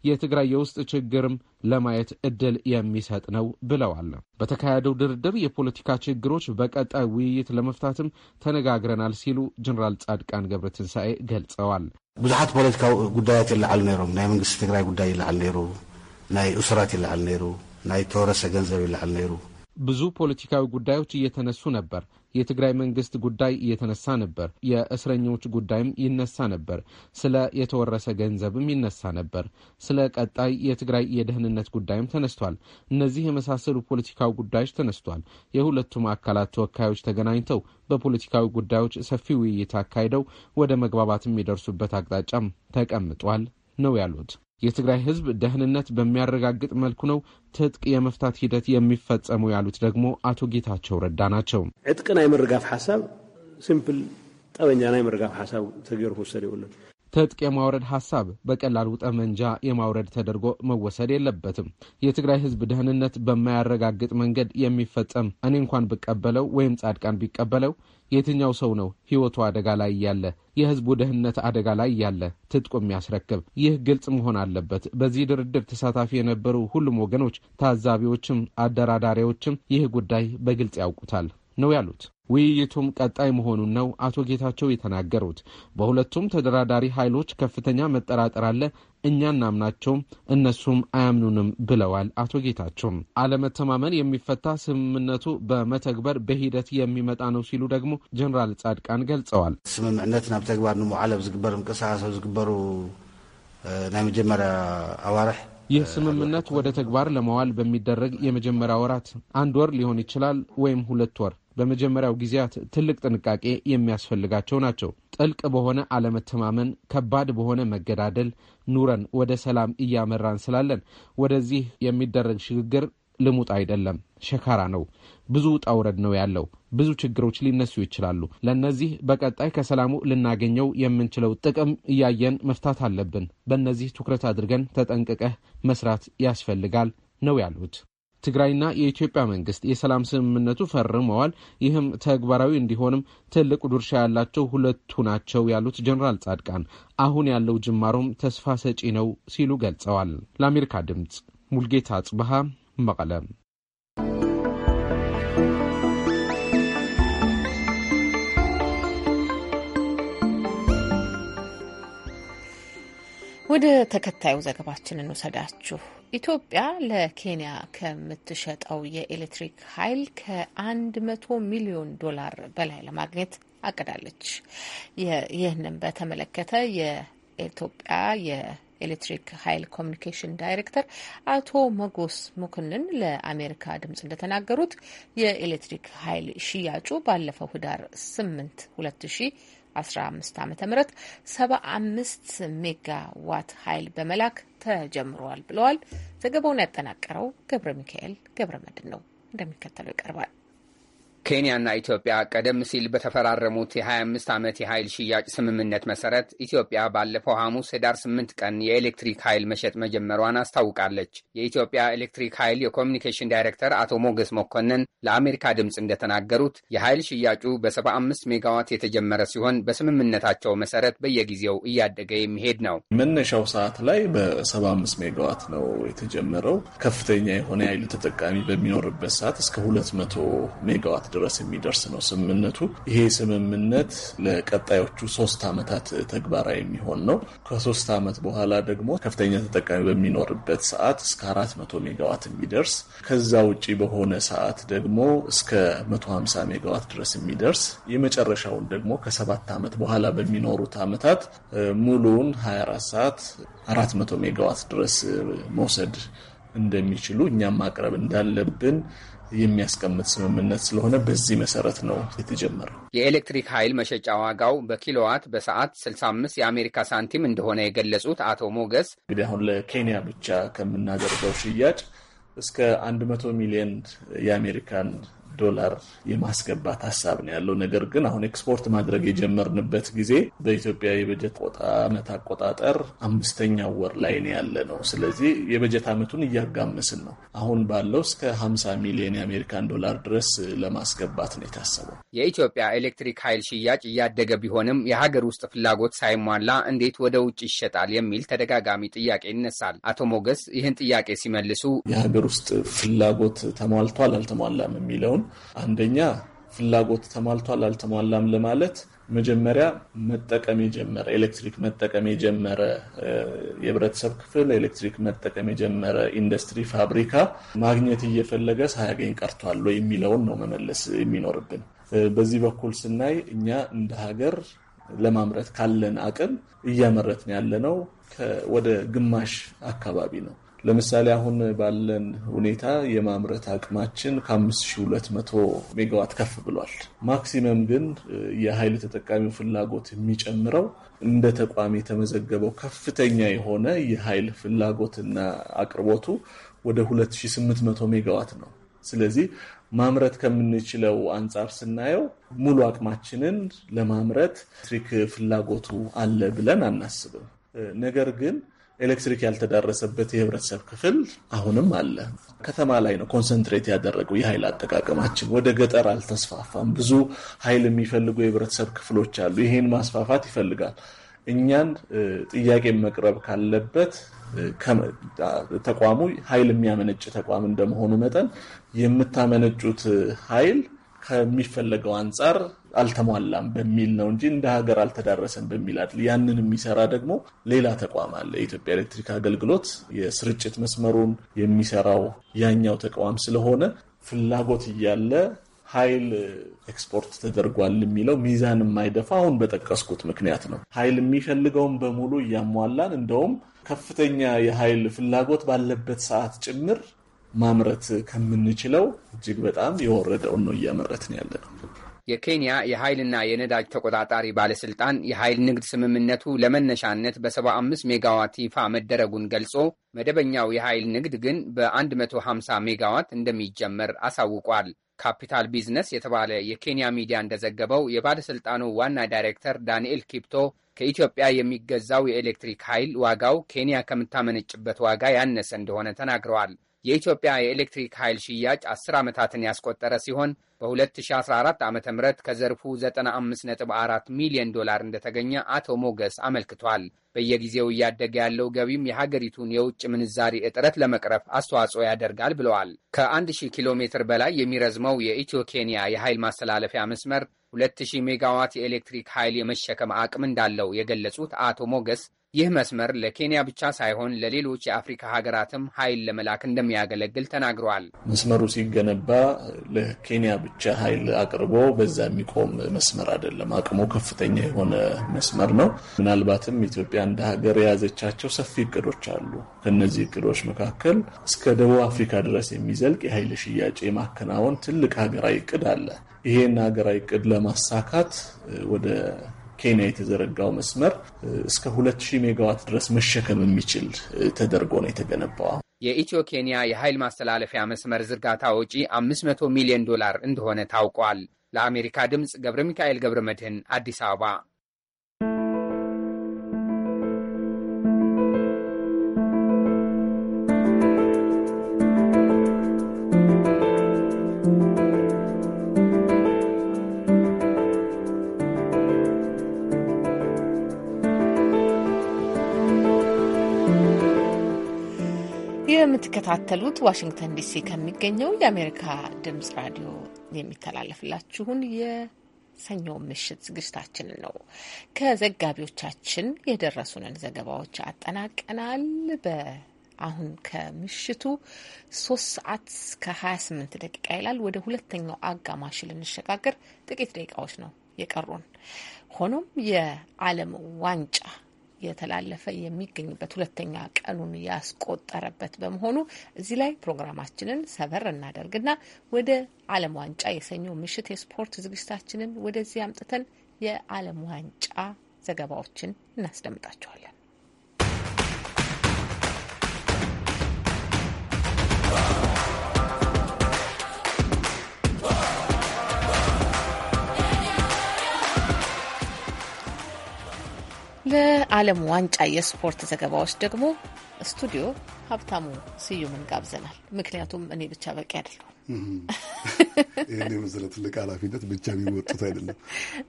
የትግራይ የውስጥ ችግርም ለማየት እድል የሚሰጥ ነው ብለዋል። በተካሄደው ድርድር የፖለቲካ ችግሮች በቀጣይ ውይይት ለመፍታትም ተነጋግረናል ሲሉ ጀኔራል ጻድቃን ገብረ ትንሣኤ ገልጸዋል። ብዙሓት ፖለቲካዊ ጉዳያት ይለዓሉ ነይሮም ናይ መንግስቲ ትግራይ ጉዳይ ይለዓል ነይሩ ናይ እስራት ይለዓል ነይሩ ናይ ተወረሰ ገንዘብ ይለዓል ነይሩ ብዙ ፖለቲካዊ ጉዳዮች እየተነሱ ነበር። የትግራይ መንግስት ጉዳይ እየተነሳ ነበር። የእስረኞች ጉዳይም ይነሳ ነበር። ስለ የተወረሰ ገንዘብም ይነሳ ነበር። ስለ ቀጣይ የትግራይ የደህንነት ጉዳይም ተነስቷል። እነዚህ የመሳሰሉ ፖለቲካዊ ጉዳዮች ተነስቷል። የሁለቱም አካላት ተወካዮች ተገናኝተው በፖለቲካዊ ጉዳዮች ሰፊ ውይይት አካሂደው ወደ መግባባት የሚደርሱበት አቅጣጫም ተቀምጧል ነው ያሉት። የትግራይ ህዝብ ደህንነት በሚያረጋግጥ መልኩ ነው ትጥቅ የመፍታት ሂደት የሚፈጸመው ያሉት ደግሞ አቶ ጌታቸው ረዳ ናቸው። ዕጥቂ ናይ ምርጋፍ ሓሳብ ሲምፕል ጠበኛ ናይ ምርጋፍ ሓሳብ ተገይሩ ክወሰድ የብሉን። ትጥቅ የማውረድ ሀሳብ በቀላሉ ጠመንጃ የማውረድ ተደርጎ መወሰድ የለበትም። የትግራይ ህዝብ ደህንነት በማያረጋግጥ መንገድ የሚፈጸም እኔ እንኳን ብቀበለው ወይም ጻድቃን ቢቀበለው የትኛው ሰው ነው ሕይወቱ አደጋ ላይ እያለ የሕዝቡ ደህንነት አደጋ ላይ እያለ ትጥቁ የሚያስረክብ? ይህ ግልጽ መሆን አለበት። በዚህ ድርድር ተሳታፊ የነበሩ ሁሉም ወገኖች፣ ታዛቢዎችም አደራዳሪዎችም ይህ ጉዳይ በግልጽ ያውቁታል ነው ያሉት። ውይይቱም ቀጣይ መሆኑን ነው አቶ ጌታቸው የተናገሩት። በሁለቱም ተደራዳሪ ኃይሎች ከፍተኛ መጠራጠር አለ። እኛ እናምናቸውም እነሱም አያምኑንም ብለዋል አቶ ጌታቸው። አለመተማመን የሚፈታ ስምምነቱ በመተግበር በሂደት የሚመጣ ነው ሲሉ ደግሞ ጀኔራል ጻድቃን ገልጸዋል። ስምምዕነት ናብ ተግባር ንምውዓል ዝግበር ምንቅስቃስ ዝግበሩ ናይ መጀመርያ ኣዋርሕ ይህ ስምምነት ወደ ተግባር ለማዋል በሚደረግ የመጀመሪያ ወራት አንድ ወር ሊሆን ይችላል ወይም ሁለት ወር በመጀመሪያው ጊዜያት ትልቅ ጥንቃቄ የሚያስፈልጋቸው ናቸው። ጥልቅ በሆነ አለመተማመን፣ ከባድ በሆነ መገዳደል ኑረን ወደ ሰላም እያመራን ስላለን ወደዚህ የሚደረግ ሽግግር ልሙጥ አይደለም፣ ሸካራ ነው። ብዙ ውጣ ውረድ ነው ያለው። ብዙ ችግሮች ሊነሱ ይችላሉ። ለእነዚህ በቀጣይ ከሰላሙ ልናገኘው የምንችለው ጥቅም እያየን መፍታት አለብን። በእነዚህ ትኩረት አድርገን ተጠንቅቀህ መስራት ያስፈልጋል ነው ያሉት። ትግራይና የኢትዮጵያ መንግስት የሰላም ስምምነቱ ፈርመዋል። ይህም ተግባራዊ እንዲሆንም ትልቅ ድርሻ ያላቸው ሁለቱ ናቸው ያሉት ጀኔራል ጻድቃን አሁን ያለው ጅማሮም ተስፋ ሰጪ ነው ሲሉ ገልጸዋል። ለአሜሪካ ድምፅ ሙልጌታ ጽብሃ መቀለ። ወደ ተከታዩ ዘገባችን እንውሰዳችሁ። ኢትዮጵያ ለኬንያ ከምትሸጠው የኤሌክትሪክ ኃይል ከ መቶ ሚሊዮን ዶላር በላይ ለማግኘት አቅዳለች። ይህንም በተመለከተ የኢትዮጵያ የኤሌክትሪክ ኃይል ኮሚኒኬሽን ዳይሬክተር አቶ መጎስ ሙክንን ለአሜሪካ ድምጽ እንደተናገሩት የኤሌክትሪክ ኃይል ሽያጩ ባለፈው ህዳር 8 ሁለት 2015 ዓ ም 75 ሜጋ ዋት ኃይል በመላክ ተጀምሯል ብለዋል። ዘገባውን ያጠናቀረው ገብረ ሚካኤል ገብረ መድን ነው። እንደሚከተለው ይቀርባል። ኬንያና ኢትዮጵያ ቀደም ሲል በተፈራረሙት የ25 ዓመት የኃይል ሽያጭ ስምምነት መሰረት ኢትዮጵያ ባለፈው ሐሙስ ህዳር 8 ቀን የኤሌክትሪክ ኃይል መሸጥ መጀመሯን አስታውቃለች። የኢትዮጵያ ኤሌክትሪክ ኃይል የኮሚኒኬሽን ዳይሬክተር አቶ ሞገስ መኮንን ለአሜሪካ ድምፅ እንደተናገሩት የኃይል ሽያጩ በ75 ሜጋዋት የተጀመረ ሲሆን በስምምነታቸው መሰረት በየጊዜው እያደገ የሚሄድ ነው። መነሻው ሰዓት ላይ በ75 ሜጋዋት ነው የተጀመረው። ከፍተኛ የሆነ የኃይል ተጠቃሚ በሚኖርበት ሰዓት እስከ 200 ሜጋዋት ድረስ የሚደርስ ነው ስምምነቱ። ይሄ ስምምነት ለቀጣዮቹ ሶስት ዓመታት ተግባራዊ የሚሆን ነው። ከሶስት ዓመት በኋላ ደግሞ ከፍተኛ ተጠቃሚ በሚኖርበት ሰዓት እስከ አራት መቶ ሜጋዋት የሚደርስ ከዛ ውጭ በሆነ ሰዓት ደግሞ እስከ መቶ ሀምሳ ሜጋዋት ድረስ የሚደርስ የመጨረሻውን ደግሞ ከሰባት ዓመት በኋላ በሚኖሩት ዓመታት ሙሉውን 24 ሰዓት 400 ሜጋዋት ድረስ መውሰድ እንደሚችሉ እኛም ማቅረብ እንዳለብን የሚያስቀምጥ ስምምነት ስለሆነ በዚህ መሰረት ነው የተጀመረው። የኤሌክትሪክ ኃይል መሸጫ ዋጋው በኪሎዋት በሰዓት 65 የአሜሪካ ሳንቲም እንደሆነ የገለጹት አቶ ሞገስ እንግዲህ አሁን ለኬንያ ብቻ ከምናደርገው ሽያጭ እስከ 100 ሚሊዮን የአሜሪካን ዶላር የማስገባት ሀሳብ ነው ያለው። ነገር ግን አሁን ኤክስፖርት ማድረግ የጀመርንበት ጊዜ በኢትዮጵያ የበጀት ዓመት አቆጣጠር አምስተኛው ወር ላይ ነው ያለ ነው። ስለዚህ የበጀት አመቱን እያጋመስን ነው። አሁን ባለው እስከ 50 ሚሊዮን የአሜሪካን ዶላር ድረስ ለማስገባት ነው የታሰበው። የኢትዮጵያ ኤሌክትሪክ ኃይል ሽያጭ እያደገ ቢሆንም የሀገር ውስጥ ፍላጎት ሳይሟላ እንዴት ወደ ውጭ ይሸጣል የሚል ተደጋጋሚ ጥያቄ ይነሳል። አቶ ሞገስ ይህን ጥያቄ ሲመልሱ የሀገር ውስጥ ፍላጎት ተሟልቷል አልተሟላም የሚለውን አንደኛ ፍላጎት ተሟልቷል አልተሟላም ለማለት መጀመሪያ መጠቀም የጀመረ ኤሌክትሪክ መጠቀም የጀመረ የህብረተሰብ ክፍል ኤሌክትሪክ መጠቀም የጀመረ ኢንዱስትሪ፣ ፋብሪካ ማግኘት እየፈለገ ሳያገኝ ቀርቷል የሚለውን ነው መመለስ የሚኖርብን። በዚህ በኩል ስናይ እኛ እንደ ሀገር ለማምረት ካለን አቅም እያመረትን ያለነው ወደ ግማሽ አካባቢ ነው። ለምሳሌ አሁን ባለን ሁኔታ የማምረት አቅማችን ከ5200 ሜጋዋት ከፍ ብሏል። ማክሲመም ግን የኃይል ተጠቃሚው ፍላጎት የሚጨምረው እንደ ተቋም የተመዘገበው ከፍተኛ የሆነ የኃይል ፍላጎትና አቅርቦቱ ወደ 2800 ሜጋዋት ነው። ስለዚህ ማምረት ከምንችለው አንጻር ስናየው ሙሉ አቅማችንን ለማምረት ትሪክ ፍላጎቱ አለ ብለን አናስብም። ነገር ግን ኤሌክትሪክ ያልተዳረሰበት የህብረተሰብ ክፍል አሁንም አለ። ከተማ ላይ ነው ኮንሰንትሬት ያደረገው የኃይል አጠቃቀማችን። ወደ ገጠር አልተስፋፋም። ብዙ ኃይል የሚፈልጉ የህብረተሰብ ክፍሎች አሉ። ይሄን ማስፋፋት ይፈልጋል። እኛን ጥያቄ መቅረብ ካለበት ተቋሙ ኃይል የሚያመነጭ ተቋም እንደመሆኑ መጠን የምታመነጩት ኃይል ከሚፈለገው አንጻር አልተሟላም በሚል ነው እንጂ እንደ ሀገር አልተዳረሰም በሚል አይደል። ያንን የሚሰራ ደግሞ ሌላ ተቋም አለ። የኢትዮጵያ ኤሌክትሪክ አገልግሎት የስርጭት መስመሩን የሚሰራው ያኛው ተቋም ስለሆነ ፍላጎት እያለ ኃይል ኤክስፖርት ተደርጓል የሚለው ሚዛን የማይደፋ አሁን በጠቀስኩት ምክንያት ነው። ኃይል የሚፈልገውን በሙሉ እያሟላን እንደውም ከፍተኛ የኃይል ፍላጎት ባለበት ሰዓት ጭምር ማምረት ከምንችለው እጅግ በጣም የወረደውን ነው እያመረትን ያለ ነው። የኬንያ የኃይልና የነዳጅ ተቆጣጣሪ ባለሥልጣን የኃይል ንግድ ስምምነቱ ለመነሻነት በ75 ሜጋዋት ይፋ መደረጉን ገልጾ መደበኛው የኃይል ንግድ ግን በ150 ሜጋዋት እንደሚጀመር አሳውቋል። ካፒታል ቢዝነስ የተባለ የኬንያ ሚዲያ እንደዘገበው የባለሥልጣኑ ዋና ዳይሬክተር ዳንኤል ኪፕቶ ከኢትዮጵያ የሚገዛው የኤሌክትሪክ ኃይል ዋጋው ኬንያ ከምታመነጭበት ዋጋ ያነሰ እንደሆነ ተናግረዋል። የኢትዮጵያ የኤሌክትሪክ ኃይል ሽያጭ 10 ዓመታትን ያስቆጠረ ሲሆን በ2014 ዓ ም ከዘርፉ 95.4 ሚሊዮን ዶላር እንደተገኘ አቶ ሞገስ አመልክቷል። በየጊዜው እያደገ ያለው ገቢም የሀገሪቱን የውጭ ምንዛሪ እጥረት ለመቅረፍ አስተዋጽኦ ያደርጋል ብለዋል። ከ1000 ኪሎ ሜትር በላይ የሚረዝመው የኢትዮ ኬንያ የኃይል ማስተላለፊያ መስመር 2000 ሜጋዋት የኤሌክትሪክ ኃይል የመሸከም አቅም እንዳለው የገለጹት አቶ ሞገስ ይህ መስመር ለኬንያ ብቻ ሳይሆን ለሌሎች የአፍሪካ ሀገራትም ኃይል ለመላክ እንደሚያገለግል ተናግረዋል። መስመሩ ሲገነባ ለኬንያ ብቻ ኃይል አቅርቦ በዛ የሚቆም መስመር አይደለም። አቅሙ ከፍተኛ የሆነ መስመር ነው። ምናልባትም ኢትዮጵያ እንደ ሀገር የያዘቻቸው ሰፊ እቅዶች አሉ። ከነዚህ እቅዶች መካከል እስከ ደቡብ አፍሪካ ድረስ የሚዘልቅ የኃይል ሽያጭ የማከናወን ትልቅ ሀገራዊ እቅድ አለ። ይሄን ሀገራዊ እቅድ ለማሳካት ወደ ኬንያ የተዘረጋው መስመር እስከ 2000 ሜጋዋት ድረስ መሸከም የሚችል ተደርጎ ነው የተገነባው። የኢትዮ ኬንያ የኃይል ማስተላለፊያ መስመር ዝርጋታ ወጪ 500 ሚሊዮን ዶላር እንደሆነ ታውቋል። ለአሜሪካ ድምፅ ገብረ ሚካኤል ገብረ መድህን አዲስ አበባ የምትከታተሉት ዋሽንግተን ዲሲ ከሚገኘው የአሜሪካ ድምጽ ራዲዮ የሚተላለፍላችሁን የሰኞ ምሽት ዝግጅታችንን ነው። ከዘጋቢዎቻችን የደረሱንን ዘገባዎች አጠናቀናል። በአሁን ከምሽቱ ሶስት ሰዓት ሀያ 28 ደቂቃ ይላል። ወደ ሁለተኛው አጋማሽ ልንሸጋገር ጥቂት ደቂቃዎች ነው የቀሩን። ሆኖም የዓለም ዋንጫ እየተላለፈ የሚገኝበት ሁለተኛ ቀኑን ያስቆጠረበት በመሆኑ እዚህ ላይ ፕሮግራማችንን ሰበር እናደርግና ወደ ዓለም ዋንጫ የሰኞ ምሽት የስፖርት ዝግጅታችንን ወደዚህ አምጥተን የዓለም ዋንጫ ዘገባዎችን እናስደምጣቸዋለን። ለዓለም ዋንጫ የስፖርት ዘገባዎች ደግሞ ስቱዲዮ ሀብታሙ ስዩምን ጋብዘናል። ምክንያቱም እኔ ብቻ በቂ አይደለሁም። ይህን የመሰለ ትልቅ ኃላፊነት ብቻ የሚወጡት አይደለም።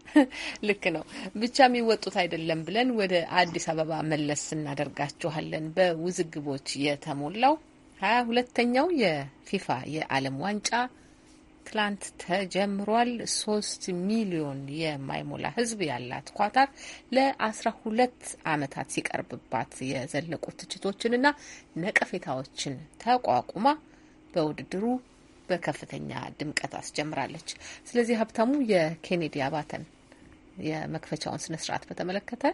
ልክ ነው፣ ብቻ የሚወጡት አይደለም ብለን ወደ አዲስ አበባ መለስ እናደርጋችኋለን። በውዝግቦች የተሞላው ሀያ ሁለተኛው የፊፋ የዓለም ዋንጫ ትላንት ተጀምሯል። ሶስት ሚሊዮን የማይሞላ ህዝብ ያላት ኳታር ለአስራ ሁለት አመታት ሲቀርብባት የዘለቁ ትችቶችንና ነቀፌታዎችን ተቋቁማ በውድድሩ በከፍተኛ ድምቀት አስጀምራለች። ስለዚህ ሀብታሙ የኬኔዲ አባተን የመክፈቻውን ስነስርዓት በተመለከተ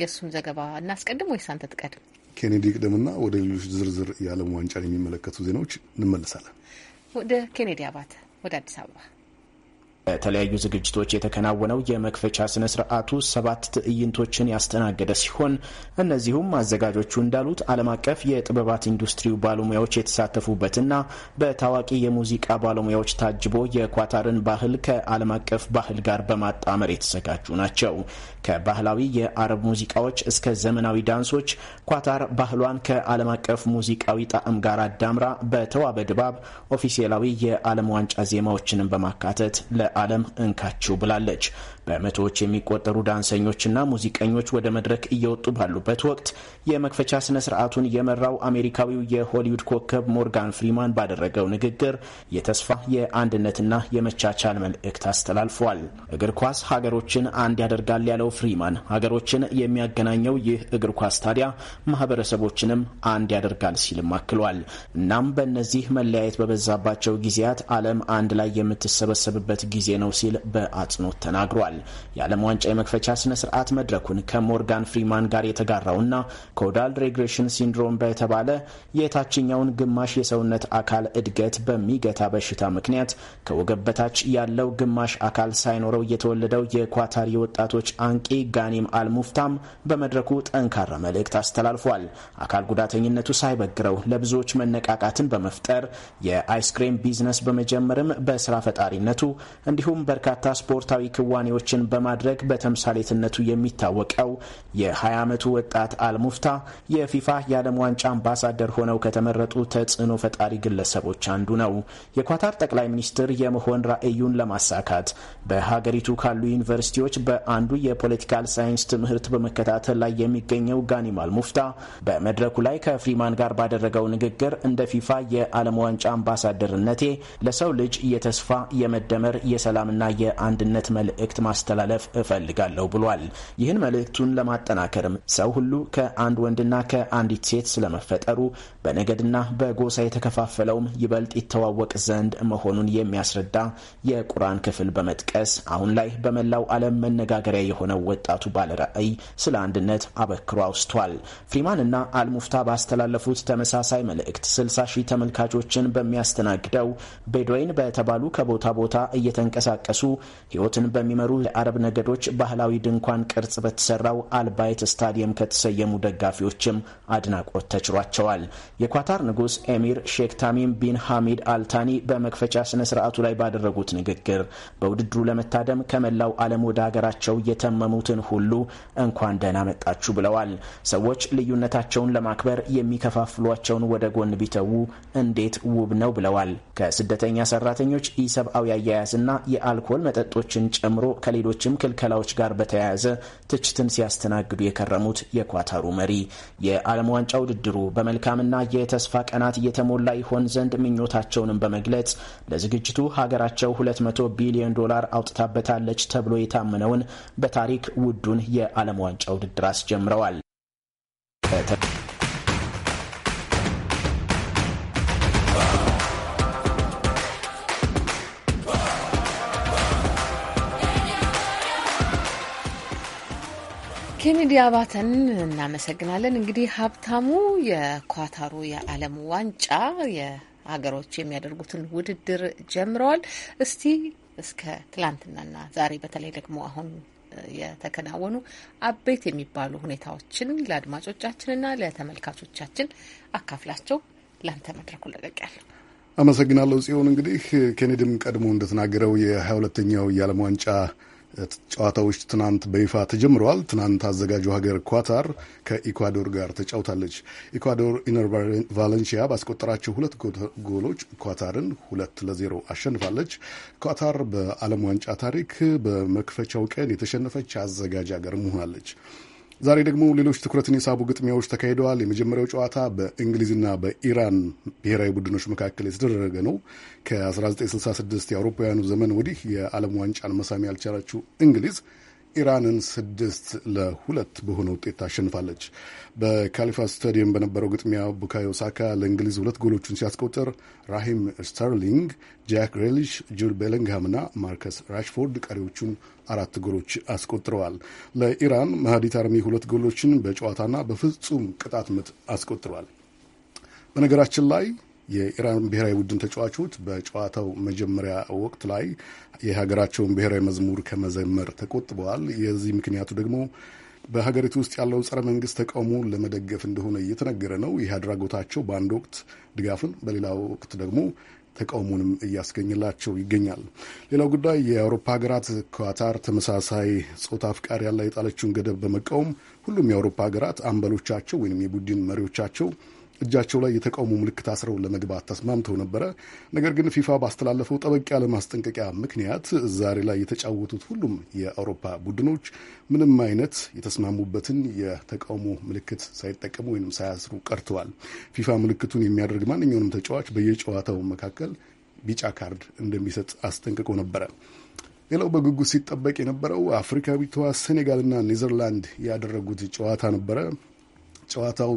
የእሱን ዘገባ እናስቀድም ወይስ አንተ ትቀድም? ኬኔዲ ቅደምና ወደ ሌሎች ዝርዝር የዓለም ዋንጫን የሚመለከቱ ዜናዎች እንመለሳለን። ወደ ኬኔዲ አባተ ወደ አዲስ አበባ በተለያዩ ዝግጅቶች የተከናወነው የመክፈቻ ስነ ስርዓቱ ሰባት ትዕይንቶችን ያስተናገደ ሲሆን እነዚሁም አዘጋጆቹ እንዳሉት ዓለም አቀፍ የጥበባት ኢንዱስትሪው ባለሙያዎች የተሳተፉበትና በታዋቂ የሙዚቃ ባለሙያዎች ታጅቦ የኳታርን ባህል ከዓለም አቀፍ ባህል ጋር በማጣመር የተዘጋጁ ናቸው። ከባህላዊ የአረብ ሙዚቃዎች እስከ ዘመናዊ ዳንሶች ኳታር ባህሏን ከዓለም አቀፍ ሙዚቃዊ ጣዕም ጋር አዳምራ በተዋበ ድባብ ኦፊሴላዊ የዓለም ዋንጫ ዜማዎችንም በማካተት ለ ዓለም እንካችው ብላለች። በመቶዎች የሚቆጠሩ ዳንሰኞችና ሙዚቀኞች ወደ መድረክ እየወጡ ባሉበት ወቅት የመክፈቻ ስነ ስርዓቱን የመራው አሜሪካዊው የሆሊውድ ኮከብ ሞርጋን ፍሪማን ባደረገው ንግግር የተስፋ የአንድነትና የመቻቻል መልእክት አስተላልፏል። እግር ኳስ ሀገሮችን አንድ ያደርጋል ያለው ፍሪማን ሀገሮችን የሚያገናኘው ይህ እግር ኳስ ታዲያ ማህበረሰቦችንም አንድ ያደርጋል ሲልም አክሏል። እናም በእነዚህ መለያየት በበዛባቸው ጊዜያት ዓለም አንድ ላይ የምትሰበሰብበት ጊዜ ጊዜ ነው ሲል በአጽንኦት ተናግሯል። የዓለም ዋንጫ የመክፈቻ ስነ ስርዓት መድረኩን ከሞርጋን ፍሪማን ጋር የተጋራውና ኮዳል ሬግሬሽን ሲንድሮም በተባለ የታችኛውን ግማሽ የሰውነት አካል እድገት በሚገታ በሽታ ምክንያት ከወገብ በታች ያለው ግማሽ አካል ሳይኖረው የተወለደው የኳታሪ ወጣቶች አንቂ ጋኒም አልሙፍታም በመድረኩ ጠንካራ መልእክት አስተላልፏል። አካል ጉዳተኝነቱ ሳይበግረው ለብዙዎች መነቃቃትን በመፍጠር የአይስክሬም ቢዝነስ በመጀመርም በስራ ፈጣሪነቱ እንዲሁም በርካታ ስፖርታዊ ክዋኔዎችን በማድረግ በተምሳሌትነቱ የሚታወቀው የ20 ዓመቱ ወጣት አልሙፍታ የፊፋ የዓለም ዋንጫ አምባሳደር ሆነው ከተመረጡ ተጽዕኖ ፈጣሪ ግለሰቦች አንዱ ነው። የኳታር ጠቅላይ ሚኒስትር የመሆን ራዕዩን ለማሳካት በሀገሪቱ ካሉ ዩኒቨርሲቲዎች በአንዱ የፖለቲካል ሳይንስ ትምህርት በመከታተል ላይ የሚገኘው ጋኒም አልሙፍታ በመድረኩ ላይ ከፍሪማን ጋር ባደረገው ንግግር እንደ ፊፋ የዓለም ዋንጫ አምባሳደርነቴ ለሰው ልጅ የተስፋ የመደመር የሰላምና የአንድነት መልእክት ማስተላለፍ እፈልጋለሁ ብሏል። ይህን መልእክቱን ለማጠናከርም ሰው ሁሉ ከአንድ ወንድና ከአንዲት ሴት ስለመፈጠሩ በነገድና በጎሳ የተከፋፈለውም ይበልጥ ይተዋወቅ ዘንድ መሆኑን የሚያስረዳ የቁርአን ክፍል በመጥቀስ አሁን ላይ በመላው ዓለም መነጋገሪያ የሆነው ወጣቱ ባለራዕይ ስለ አንድነት አበክሮ አውስቷል። ፍሪማንና አልሙፍታ ባስተላለፉት ተመሳሳይ መልእክት ስልሳ ሺህ ተመልካቾችን በሚያስተናግደው ቤድወይን በተባሉ ከቦታ ቦታ እየተ እየተንቀሳቀሱ ሕይወትን በሚመሩ የአረብ ነገዶች ባህላዊ ድንኳን ቅርጽ በተሰራው አልባይት ስታዲየም ከተሰየሙ ደጋፊዎችም አድናቆት ተችሯቸዋል። የኳታር ንጉሥ ኤሚር ሼክ ታሚም ቢን ሐሚድ አልታኒ በመክፈቻ ስነ ስርዓቱ ላይ ባደረጉት ንግግር በውድድሩ ለመታደም ከመላው ዓለም ወደ ሀገራቸው የተመሙትን ሁሉ እንኳን ደህና መጣችሁ ብለዋል። ሰዎች ልዩነታቸውን ለማክበር የሚከፋፍሏቸውን ወደ ጎን ቢተዉ እንዴት ውብ ነው ብለዋል። ከስደተኛ ሰራተኞች ኢሰብአዊ አያያዝና የአልኮል መጠጦችን ጨምሮ ከሌሎችም ክልከላዎች ጋር በተያያዘ ትችትን ሲያስተናግዱ የከረሙት የኳታሩ መሪ የዓለም ዋንጫ ውድድሩ በመልካምና የተስፋ ቀናት እየተሞላ ይሆን ዘንድ ምኞታቸውንም በመግለጽ ለዝግጅቱ ሀገራቸው 200 ቢሊዮን ዶላር አውጥታበታለች ተብሎ የታመነውን በታሪክ ውዱን የዓለም ዋንጫ ውድድር አስጀምረዋል። ኬኔዲ አባተን እናመሰግናለን። እንግዲህ ሀብታሙ የኳታሩ የዓለም ዋንጫ የሀገሮች የሚያደርጉትን ውድድር ጀምረዋል። እስቲ እስከ ትላንትናና ዛሬ በተለይ ደግሞ አሁን የተከናወኑ አበይት የሚባሉ ሁኔታዎችን ለአድማጮቻችንና ለተመልካቾቻችን አካፍላቸው ላንተ መድረኩ ለቀቂያለሁ። አመሰግናለሁ ጽዮን። እንግዲህ ኬኔዲም ቀድሞ እንደተናገረው የሀያ ሁለተኛው የዓለም ዋንጫ ጨዋታዎች ትናንት በይፋ ተጀምረዋል። ትናንት አዘጋጁ ሀገር ኳታር ከኢኳዶር ጋር ተጫውታለች። ኢኳዶር ኢነር ቫለንሲያ ባስቆጠራቸው ሁለት ጎሎች ኳታርን ሁለት ለዜሮ አሸንፋለች። ኳታር በዓለም ዋንጫ ታሪክ በመክፈቻው ቀን የተሸነፈች አዘጋጅ ሀገር መሆናለች። ዛሬ ደግሞ ሌሎች ትኩረትን የሳቡ ግጥሚያዎች ተካሂደዋል። የመጀመሪያው ጨዋታ በእንግሊዝና በኢራን ብሔራዊ ቡድኖች መካከል የተደረገ ነው። ከ1966 የአውሮፓውያኑ ዘመን ወዲህ የዓለም ዋንጫን መሳሚ ያልቻላችው እንግሊዝ ኢራንን ስድስት ለሁለት በሆነ ውጤት ታሸንፋለች። በካሊፋ ስታዲየም በነበረው ግጥሚያ ቡካዮ ሳካ ለእንግሊዝ ሁለት ጎሎቹን ሲያስቆጥር ራሂም ስተርሊንግ፣ ጃክ ሬሊሽ፣ ጁድ ቤሊንግሃምና ማርከስ ራሽፎርድ ቀሪዎቹን አራት ጎሎች አስቆጥረዋል። ለኢራን መሀዲ ታርሚ ሁለት ጎሎችን በጨዋታና በፍጹም ቅጣት ምት አስቆጥረዋል። በነገራችን ላይ የኢራን ብሔራዊ ቡድን ተጫዋቾች በጨዋታው መጀመሪያ ወቅት ላይ የሀገራቸውን ብሔራዊ መዝሙር ከመዘመር ተቆጥበዋል። የዚህ ምክንያቱ ደግሞ በሀገሪቱ ውስጥ ያለው ጸረ መንግስት ተቃውሞ ለመደገፍ እንደሆነ እየተነገረ ነው። ይህ አድራጎታቸው በአንድ ወቅት ድጋፍን፣ በሌላ ወቅት ደግሞ ተቃውሞንም እያስገኝላቸው ይገኛል። ሌላው ጉዳይ የአውሮፓ ሀገራት ኳታር ተመሳሳይ ጾታ አፍቃሪያን ላይ የጣለችውን ገደብ በመቃወም ሁሉም የአውሮፓ ሀገራት አምበሎቻቸው ወይም የቡድን መሪዎቻቸው እጃቸው ላይ የተቃውሞ ምልክት አስረው ለመግባት ተስማምተው ነበረ። ነገር ግን ፊፋ ባስተላለፈው ጠበቅ ያለ ማስጠንቀቂያ ምክንያት ዛሬ ላይ የተጫወቱት ሁሉም የአውሮፓ ቡድኖች ምንም አይነት የተስማሙበትን የተቃውሞ ምልክት ሳይጠቀሙ ወይም ሳያስሩ ቀርተዋል። ፊፋ ምልክቱን የሚያደርግ ማንኛውንም ተጫዋች በየጨዋታው መካከል ቢጫ ካርድ እንደሚሰጥ አስጠንቅቆ ነበረ። ሌላው በጉጉት ሲጠበቅ የነበረው አፍሪካዊቷ ሴኔጋልና ኔዘርላንድ ያደረጉት ጨዋታ ነበረ። ጨዋታው